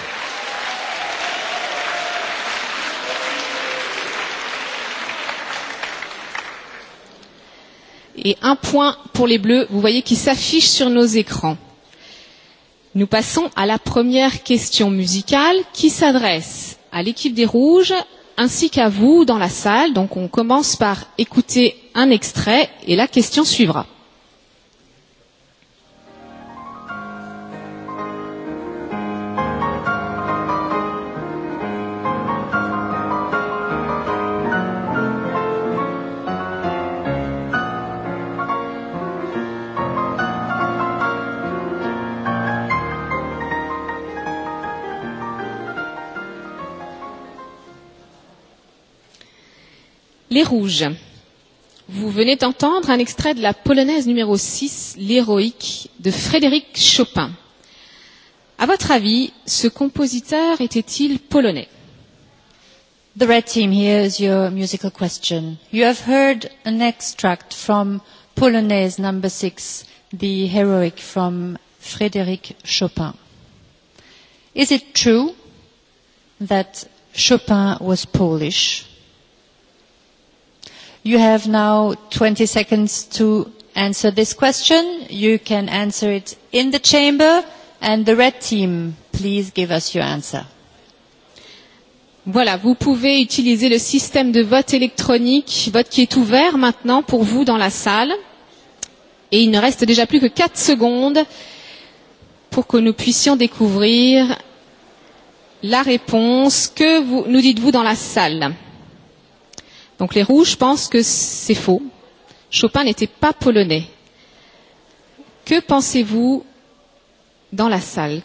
et un point pour les bleus, vous voyez, qui s'affiche sur nos écrans. Nous passons à la première question musicale qui s'adresse à l'équipe des rouges ainsi qu'à vous dans la salle. Donc on commence par écouter un extrait et la question suivra. Les Rouges. Vous venez d'entendre un extrait de la polonaise numéro 6, L'Héroïque, de Frédéric Chopin. À votre avis, ce compositeur était-il polonais The red team, here's your musical question. You have heard an extract from Polonaise number 6, The Heroic from Frédéric Chopin. Is it true that Chopin was Polish? You have now 20 seconds to answer this question. You can answer it in the chamber. And the red team, please give us your answer. Voilà, vous pouvez utiliser le système de vote électronique, vote qui est ouvert maintenant pour vous dans la salle. Et il ne reste déjà plus que 4 secondes pour que nous puissions découvrir la réponse. Que nous dites-vous dans la salle Donc les rouges pensent que c'est faux. Chopin n'était pas polonais. Que pensez-vous dans la salle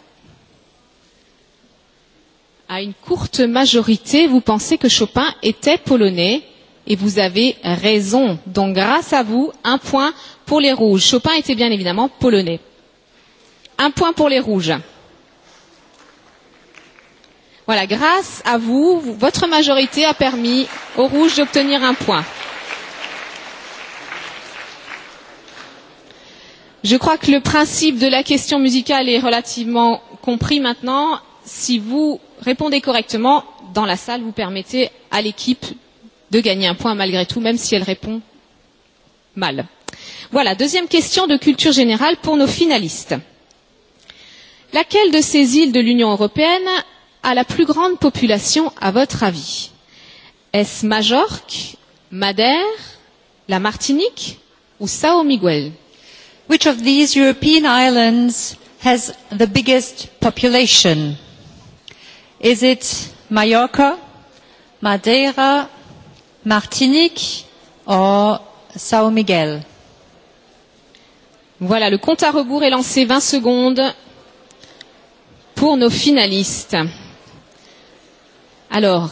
À une courte majorité, vous pensez que Chopin était polonais et vous avez raison. Donc grâce à vous, un point pour les rouges. Chopin était bien évidemment polonais. Un point pour les rouges. Voilà, grâce à vous, votre majorité a permis aux rouges d'obtenir un point. Je crois que le principe de la question musicale est relativement compris maintenant. Si vous répondez correctement dans la salle, vous permettez à l'équipe de gagner un point malgré tout, même si elle répond mal. Voilà, deuxième question de culture générale pour nos finalistes. Laquelle de ces îles de l'Union européenne à la plus grande population à votre avis Est-ce Majorque, Madère, la Martinique ou Sao Miguel Which of these European islands has the biggest population Is it Mallorca, Madeira, Martinique or Sao Miguel Voilà, le compte à rebours est lancé 20 secondes pour nos finalistes. Alors,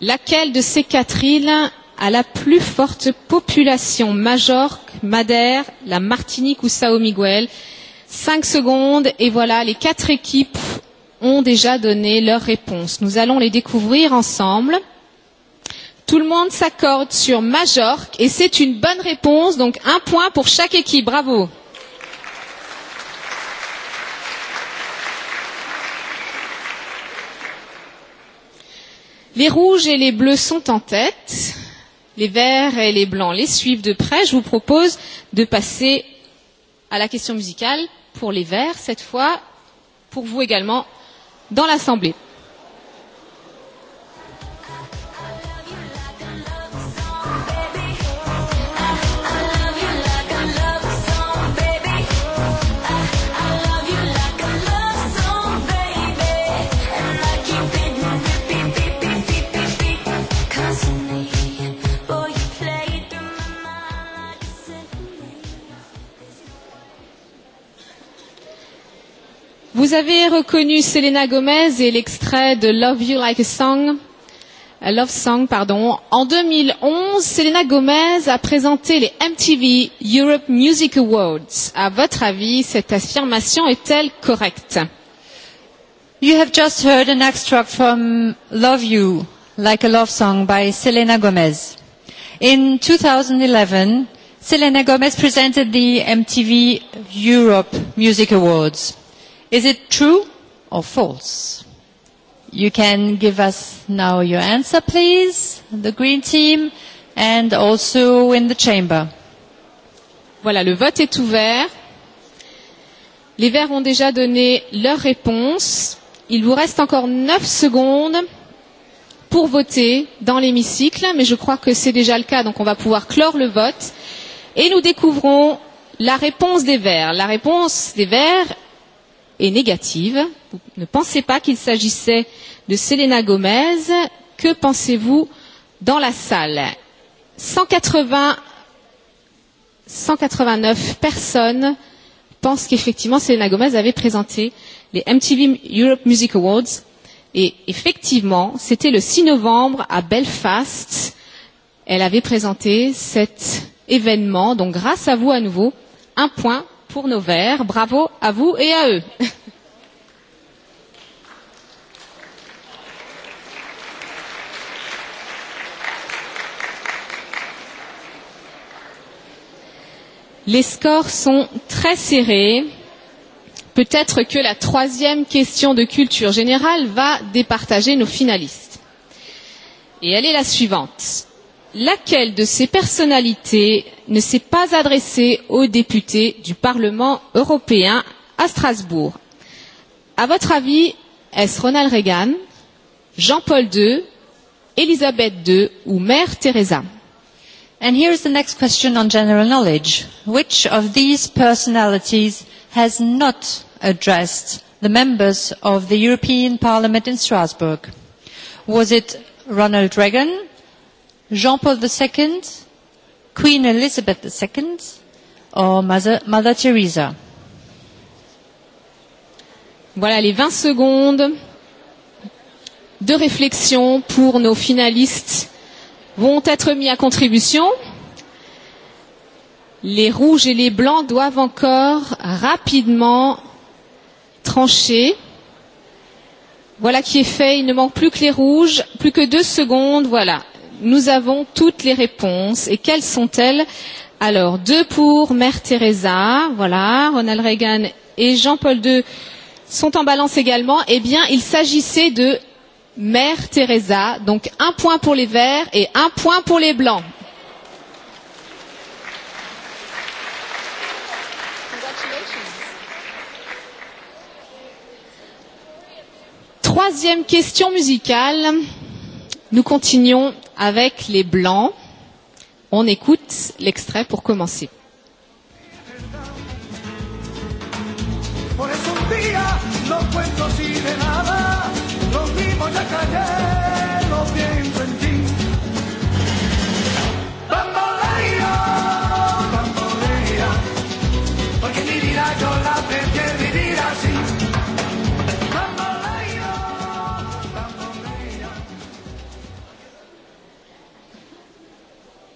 laquelle de ces quatre îles a la plus forte population Majorque, Madère, la Martinique ou Sao Miguel Cinq secondes et voilà, les quatre équipes ont déjà donné leur réponse. Nous allons les découvrir ensemble. Tout le monde s'accorde sur Majorque et c'est une bonne réponse, donc un point pour chaque équipe. Bravo. Les rouges et les bleus sont en tête. Les verts et les blancs les suivent de près. Je vous propose de passer à la question musicale pour les verts cette fois, pour vous également dans l'Assemblée. Vous avez reconnu Selena Gomez et l'extrait de Love You Like a Song. A euh, Love Song, pardon. En 2011, Selena Gomez a présenté les MTV Europe Music Awards. À votre avis, cette affirmation est-elle correcte? You have just heard an extract from Love You Like a Love Song by Selena Gomez. In 2011, Selena Gomez presented the MTV Europe Music Awards. Is it true or false? You can give us now your answer, please, the green team, and also in the chamber. Voilà, le vote est ouvert. Les Verts ont déjà donné leur réponse. Il vous reste encore 9 secondes pour voter dans l'hémicycle, mais je crois que c'est déjà le cas, donc on va pouvoir clore le vote. Et nous découvrons la réponse des Verts. La réponse des Verts est négative. Vous ne pensez pas qu'il s'agissait de Selena Gomez. Que pensez-vous dans la salle 180, 189 personnes pensent qu'effectivement Selena Gomez avait présenté les MTV Europe Music Awards. Et effectivement, c'était le 6 novembre à Belfast. Elle avait présenté cet événement. Donc grâce à vous à nouveau, un point pour nos verts. Bravo à vous et à eux. Les scores sont très serrés. Peut-être que la troisième question de culture générale va départager nos finalistes. Et elle est la suivante laquelle de ces personnalités ne s'est pas adressée aux députés du Parlement européen à Strasbourg À votre avis, est-ce Ronald Reagan, Jean-Paul II, Elisabeth II ou Mère Teresa And here is the next question on general knowledge. Which of these personalities has not addressed the members of the European Parliament in Strasbourg? Was it Ronald Reagan, Jean Paul II, Queen Elizabeth II, or Mother, Mother Teresa. Voilà les 20 secondes de réflexion pour nos finalistes vont être mis à contribution. Les rouges et les blancs doivent encore rapidement trancher. Voilà qui est fait. Il ne manque plus que les rouges. Plus que deux secondes. Voilà nous avons toutes les réponses. Et quelles sont-elles Alors, deux pour Mère Teresa, voilà, Ronald Reagan et Jean-Paul II sont en balance également. Eh bien, il s'agissait de Mère Teresa, donc un point pour les verts et un point pour les blancs. Troisième question musicale. Nous continuons avec les blancs. On écoute l'extrait pour commencer. Por eso un día no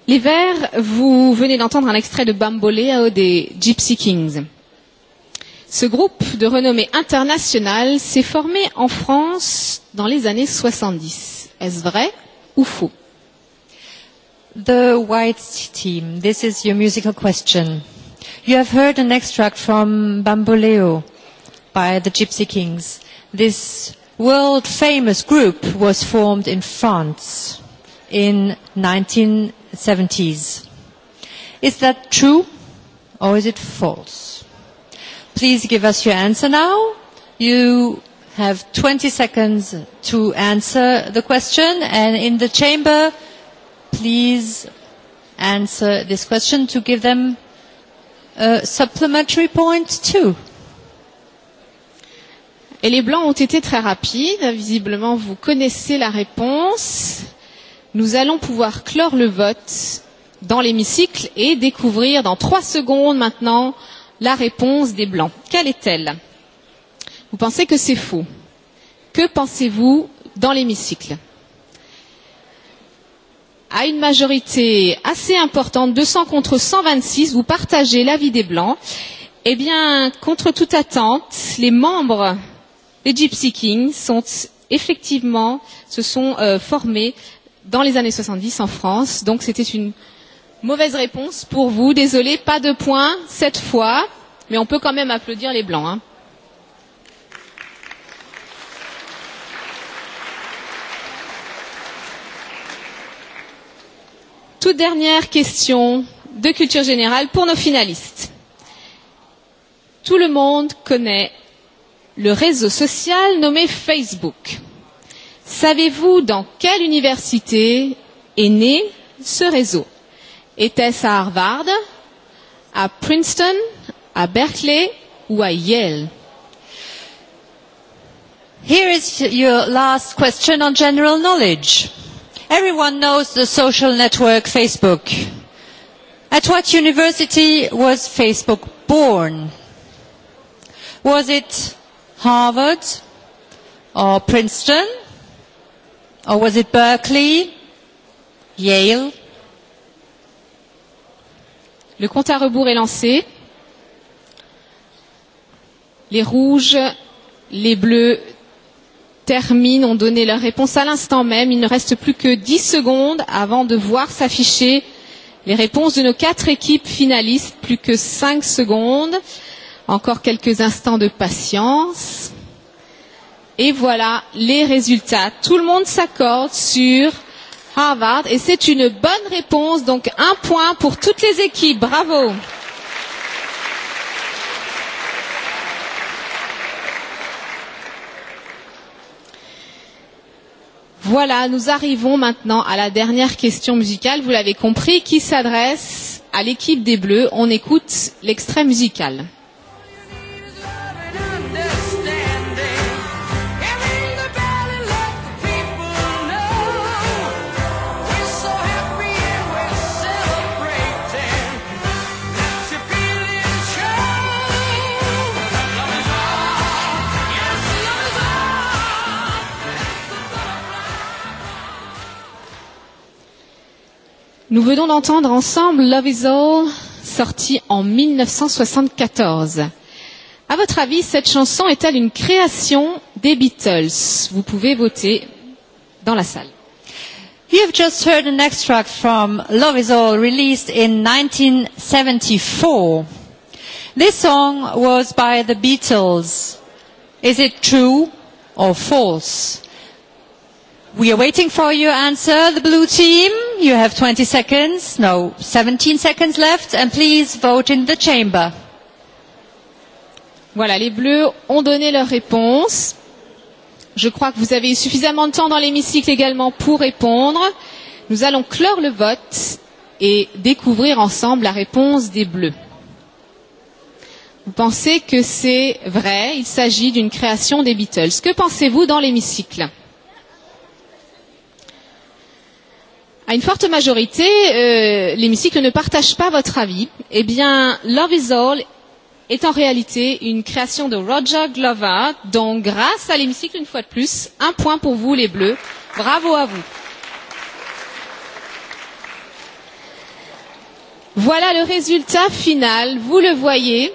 Les vous venez d'entendre un extrait de Bamboleo des Gypsy Kings. Ce groupe de renommée internationale s'est formé en France dans les années 70. Est-ce vrai ou faux The White Team, this is your musical question. You have heard an extract from Bamboleo by the Gypsy Kings. This world famous group was formed in France in 19 70s. Is that true or is it false? Please give us your answer now. You have 20 seconds to answer the question and in the chamber, please answer this question to give them a supplementary point too. Et les blancs ont été très rapides. Visiblement, vous connaissez la réponse nous allons pouvoir clore le vote dans l'hémicycle et découvrir dans trois secondes maintenant la réponse des blancs. Quelle est-elle Vous pensez que c'est faux. Que pensez-vous dans l'hémicycle à une majorité assez importante, 200 contre 126, vous partagez l'avis des Blancs. Eh bien, contre toute attente, les membres des Gypsy Kings sont effectivement se sont euh, formés dans les années 70 en France. Donc c'était une mauvaise réponse pour vous. Désolé, pas de points cette fois, mais on peut quand même applaudir les blancs. Hein. Toute dernière question de culture générale pour nos finalistes. Tout le monde connaît le réseau social nommé Facebook. Savez-vous dans quelle université est né ce réseau Était-ce à Harvard, à Princeton, à Berkeley ou à Yale Here is your last question on general knowledge. Everyone knows the social network Facebook. At what university was Facebook born? Was it Harvard or Princeton Or was it Berkeley? Yale? Le compte à rebours est lancé. Les rouges, les bleus terminent, ont donné leur réponse à l'instant même. Il ne reste plus que 10 secondes avant de voir s'afficher les réponses de nos quatre équipes finalistes. Plus que 5 secondes. Encore quelques instants de patience. Et voilà les résultats. Tout le monde s'accorde sur Harvard et c'est une bonne réponse. Donc un point pour toutes les équipes. Bravo. Voilà, nous arrivons maintenant à la dernière question musicale, vous l'avez compris, qui s'adresse à l'équipe des Bleus. On écoute l'extrait musical. Nous venons d'entendre ensemble Love is All, sorti en 1974. À votre avis, cette chanson est-elle une création des Beatles Vous pouvez voter dans la salle. You've just heard an extract from Love is All released in 1974. This song was by the Beatles. Is it true or false? We are waiting for your answer, the blue team. You have 20 seconds, no, 17 seconds left, and please vote in the chamber. Voilà, les bleus ont donné leur réponse. Je crois que vous avez eu suffisamment de temps dans l'hémicycle également pour répondre. Nous allons clore le vote et découvrir ensemble la réponse des bleus. Vous pensez que c'est vrai, il s'agit d'une création des Beatles. Que pensez-vous dans l'hémicycle? à une forte majorité, euh, l'hémicycle ne partage pas votre avis, eh bien, Love is All est en réalité une création de Roger Glover, donc grâce à l'hémicycle une fois de plus, un point pour vous les Bleus. Bravo à vous. Voilà le résultat final, vous le voyez.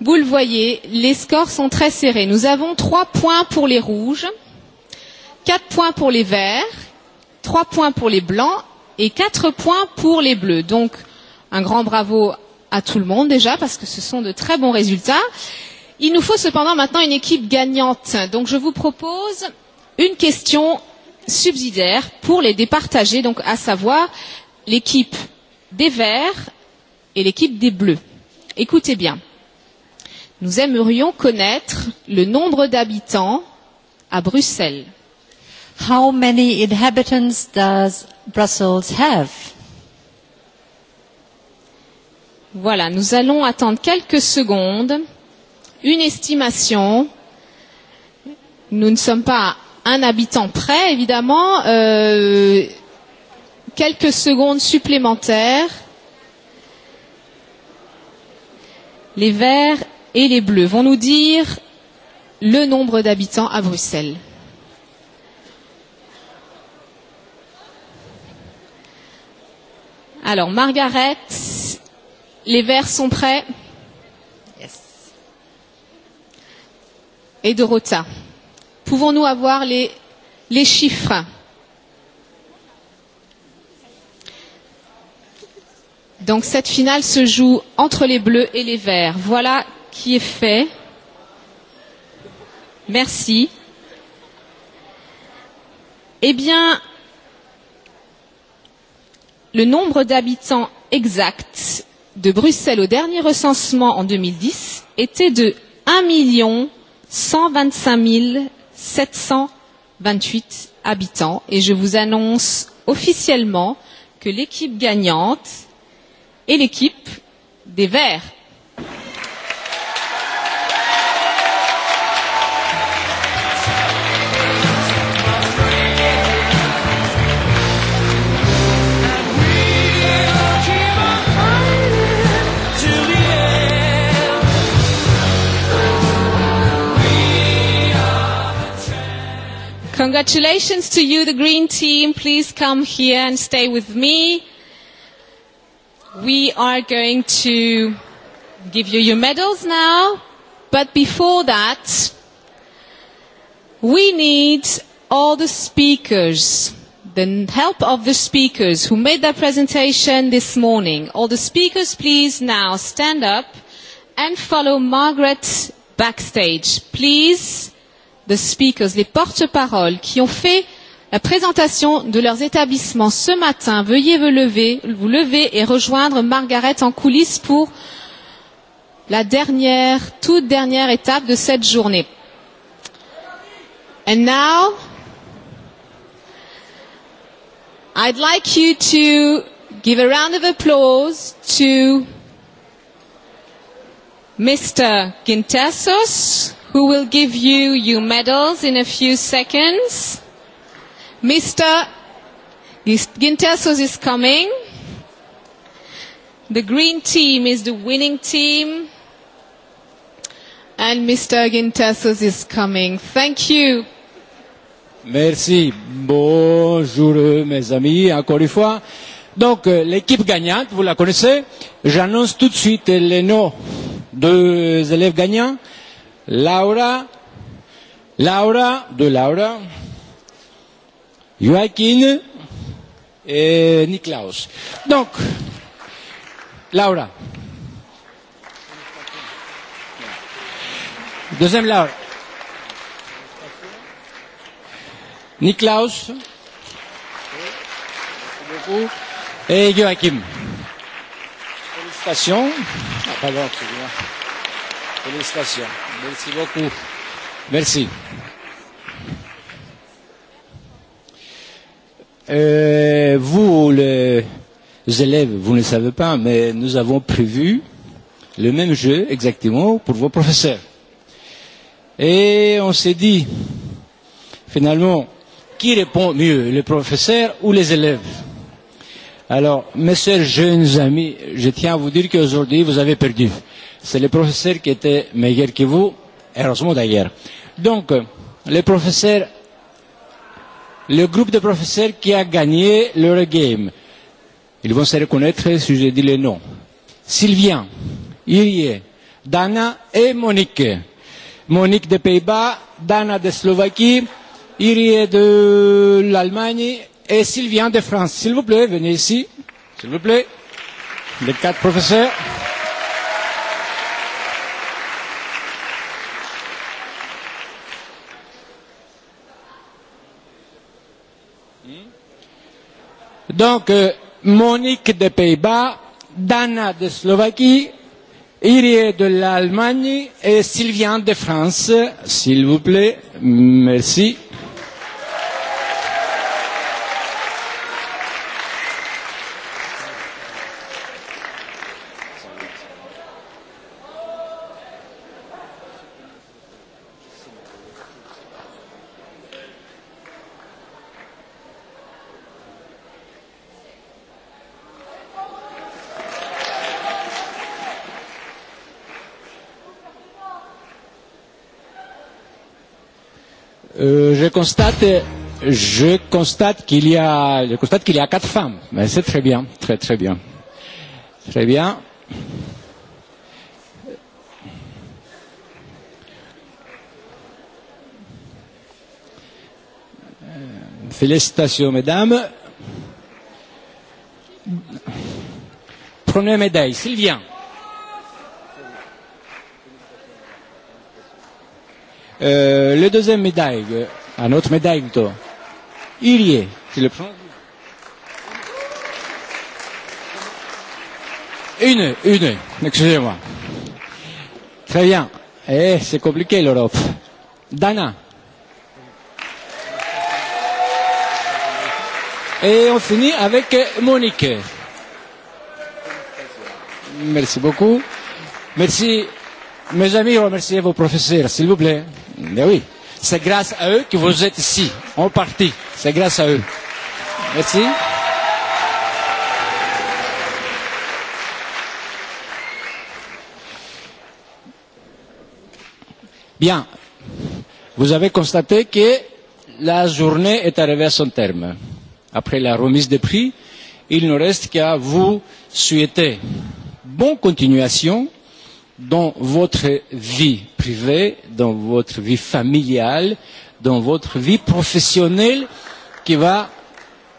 Vous le voyez, les scores sont très serrés. Nous avons trois points pour les rouges, quatre points pour les verts, 3 points pour les blancs et 4 points pour les bleus. Donc un grand bravo à tout le monde déjà parce que ce sont de très bons résultats. Il nous faut cependant maintenant une équipe gagnante. Donc je vous propose une question subsidiaire pour les départager, donc à savoir l'équipe des verts et l'équipe des bleus. Écoutez bien. Nous aimerions connaître le nombre d'habitants à Bruxelles. How many inhabitants does Brussels have? Voilà, nous allons attendre quelques secondes. Une estimation. Nous ne sommes pas un habitant près, évidemment. Euh, quelques secondes supplémentaires. Les verts et les bleus vont nous dire le nombre d'habitants à Bruxelles. Alors, Margaret, les verts sont prêts Yes. Et Dorota. Pouvons-nous avoir les, les chiffres Donc cette finale se joue entre les bleus et les verts. Voilà qui est fait. Merci. Eh bien, le nombre d'habitants exact de Bruxelles au dernier recensement en 2010 était de 1 125 728 habitants et je vous annonce officiellement que l'équipe gagnante est l'équipe des Verts. Congratulations to you, the Green Team. Please come here and stay with me. We are going to give you your medals now. But before that, we need all the speakers, the help of the speakers who made their presentation this morning. All the speakers, please now stand up and follow Margaret backstage. Please the speakers, les porte-paroles qui ont fait la présentation de leurs établissements ce matin. Veuillez vous lever, vous lever et rejoindre Margaret en coulisses pour la dernière, toute dernière étape de cette journée. And now, I'd like you to give a round of applause to Mr. Gintasos who will give you your medals in a few seconds. Mr. Gintasos is coming. The green team is the winning team. And Mr. Gintasos is coming. Thank you. Merci. Bonjour mes amis, encore une fois. Donc euh, l'équipe gagnante, vous la connaissez. J'annonce tout de suite les noms des élèves gagnants. Laura, Laura de Laura, Joaquin et eh, Niklaus. Donc, Laura. Deuxième Laura. Niklaus. Et Joachim. Félicitations. Ah, pardon, Félicitations. Merci beaucoup. Merci. Euh, vous, les élèves, vous ne savez pas, mais nous avons prévu le même jeu exactement pour vos professeurs. Et on s'est dit, finalement, qui répond mieux, les professeurs ou les élèves Alors, mes chers jeunes amis, je tiens à vous dire qu'aujourd'hui, vous avez perdu c'est le professeur qui était meilleur que vous, heureusement d'ailleurs. Donc, le professeur, le groupe de professeurs qui a gagné leur game, ils vont se reconnaître si je dis les noms. Sylvien, Irie, Dana et Monique. Monique des Pays-Bas, Dana de Slovaquie, Irie de l'Allemagne et Sylvien de France. S'il vous plaît, venez ici. S'il vous plaît. Les quatre professeurs. Donc, euh, Monique des Pays-Bas, Dana de Slovaquie, Irie de l'Allemagne et Sylviane de France. S'il vous plaît, merci. je constate, je constate qu'il y a, je constate qu'il y a quatre femmes. Mais c'est très bien, très très bien, très bien. Félicitations, mesdames. Première médaille, Sylvien. Euh, le deuxième médaille, à notre médaille d'or. Irie, tu le prends Une, une, excusez-moi. Très bien. Eh, c'est compliqué l'Europe. Dana. Et on finit avec Monique. Merci beaucoup. Merci, mes amis, remerciez vos professeurs, s'il vous plaît. Mais oui. C'est grâce à eux que vous êtes ici, en partie. C'est grâce à eux. Merci. Bien. Vous avez constaté que la journée est arrivée à son terme. Après la remise des prix, il ne reste qu'à vous souhaiter bonne continuation dans votre vie privée, dans votre vie familiale, dans votre vie professionnelle qui va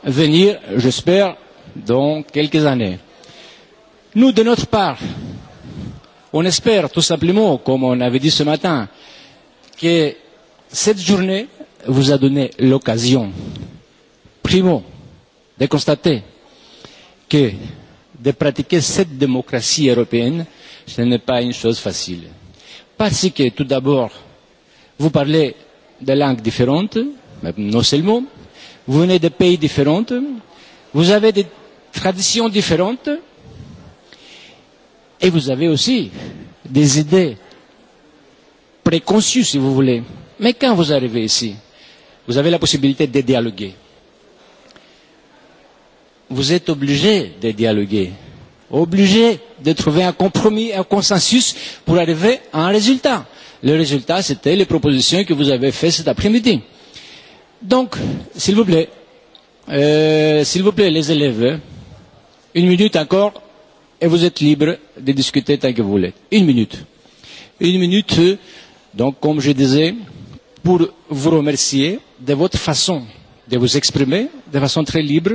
venir, j'espère, dans quelques années. Nous, de notre part, on espère tout simplement, comme on avait dit ce matin, que cette journée vous a donné l'occasion, primo, de constater que de pratiquer cette démocratie européenne ce n'est pas une chose facile. Parce que tout d'abord, vous parlez des langues différentes, mais non seulement, vous venez de pays différents, vous avez des traditions différentes, et vous avez aussi des idées préconçues, si vous voulez. Mais quand vous arrivez ici, vous avez la possibilité de dialoguer. Vous êtes obligé de dialoguer obligé de trouver un compromis, un consensus pour arriver à un résultat. Le résultat, c'était les propositions que vous avez faites cet après-midi. Donc, s'il vous plaît, euh, s'il vous plaît, les élèves, une minute encore, et vous êtes libre de discuter tant que vous voulez. Une minute. Une minute, donc, comme je disais, pour vous remercier de votre façon de vous exprimer de façon très libre,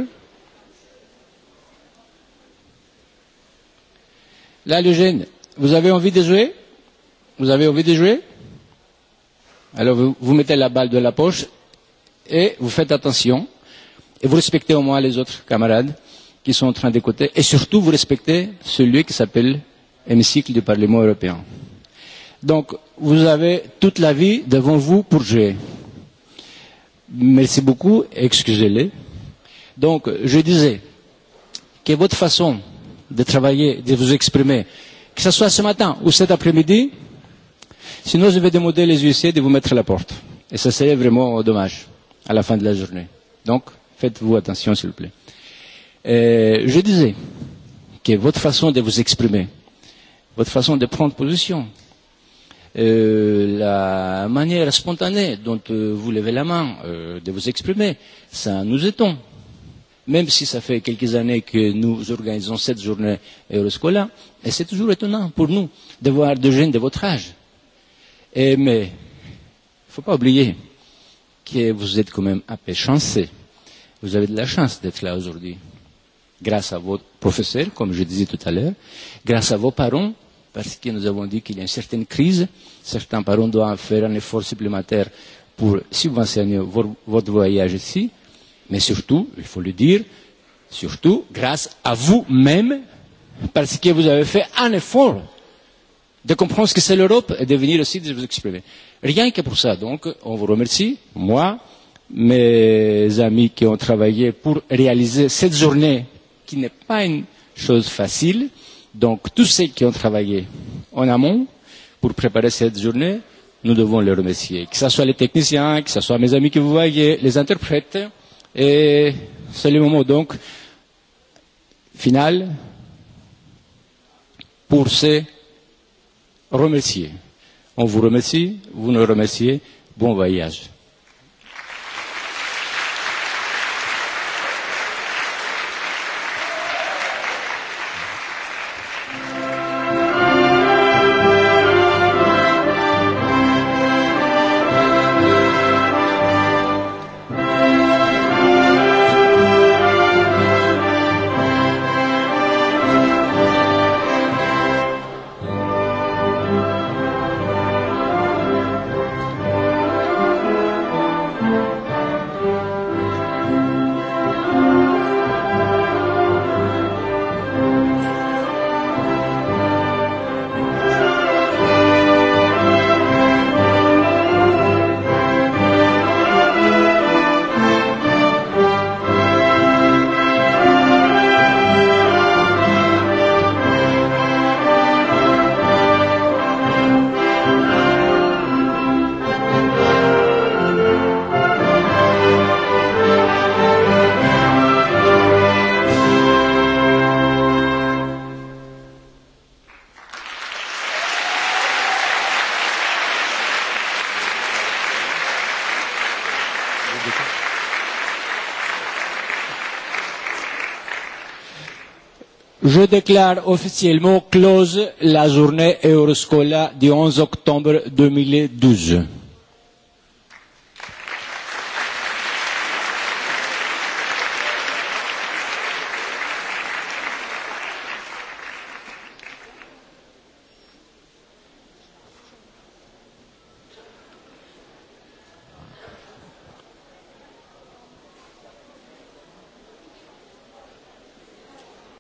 Là, le jeune, vous avez envie de jouer Vous avez envie de jouer Alors, vous, vous mettez la balle de la poche et vous faites attention. Et vous respectez au moins les autres camarades qui sont en train d'écouter. Et surtout, vous respectez celui qui s'appelle hémicycle du Parlement européen. Donc, vous avez toute la vie devant vous pour jouer. Merci beaucoup, excusez-les. Donc, je disais que votre façon de travailler, de vous exprimer, que ce soit ce matin ou cet après-midi. Sinon, je vais demander les huissiers de vous mettre à la porte. Et ça serait vraiment dommage à la fin de la journée. Donc, faites-vous attention, s'il vous plaît. Et je disais que votre façon de vous exprimer, votre façon de prendre position, euh, la manière spontanée dont euh, vous levez la main, euh, de vous exprimer, ça nous étonne même si ça fait quelques années que nous organisons cette journée Euroscola, et c'est toujours étonnant pour nous de voir des jeunes de votre âge. Et, mais il ne faut pas oublier que vous êtes quand même un peu chanceux. Vous avez de la chance d'être là aujourd'hui, grâce à vos professeurs, comme je disais tout à l'heure, grâce à vos parents, parce que nous avons dit qu'il y a une certaine crise. Certains parents doivent faire un effort supplémentaire pour subventionner votre voyage ici mais surtout, il faut le dire, surtout grâce à vous-même, parce que vous avez fait un effort de comprendre ce que c'est l'Europe et de venir aussi de vous exprimer. Rien que pour ça, donc, on vous remercie, moi, mes amis qui ont travaillé pour réaliser cette journée, qui n'est pas une chose facile. Donc, tous ceux qui ont travaillé en amont pour préparer cette journée, nous devons les remercier. Que ce soit les techniciens, que ce soit mes amis que vous voyez, les interprètes, Et c'est le moment donc final pour se remercier. On vous remercie, vous nous remerciez. Bon voyage. Je déclare officiellement close la journée Euroscola du 11 octobre 2012.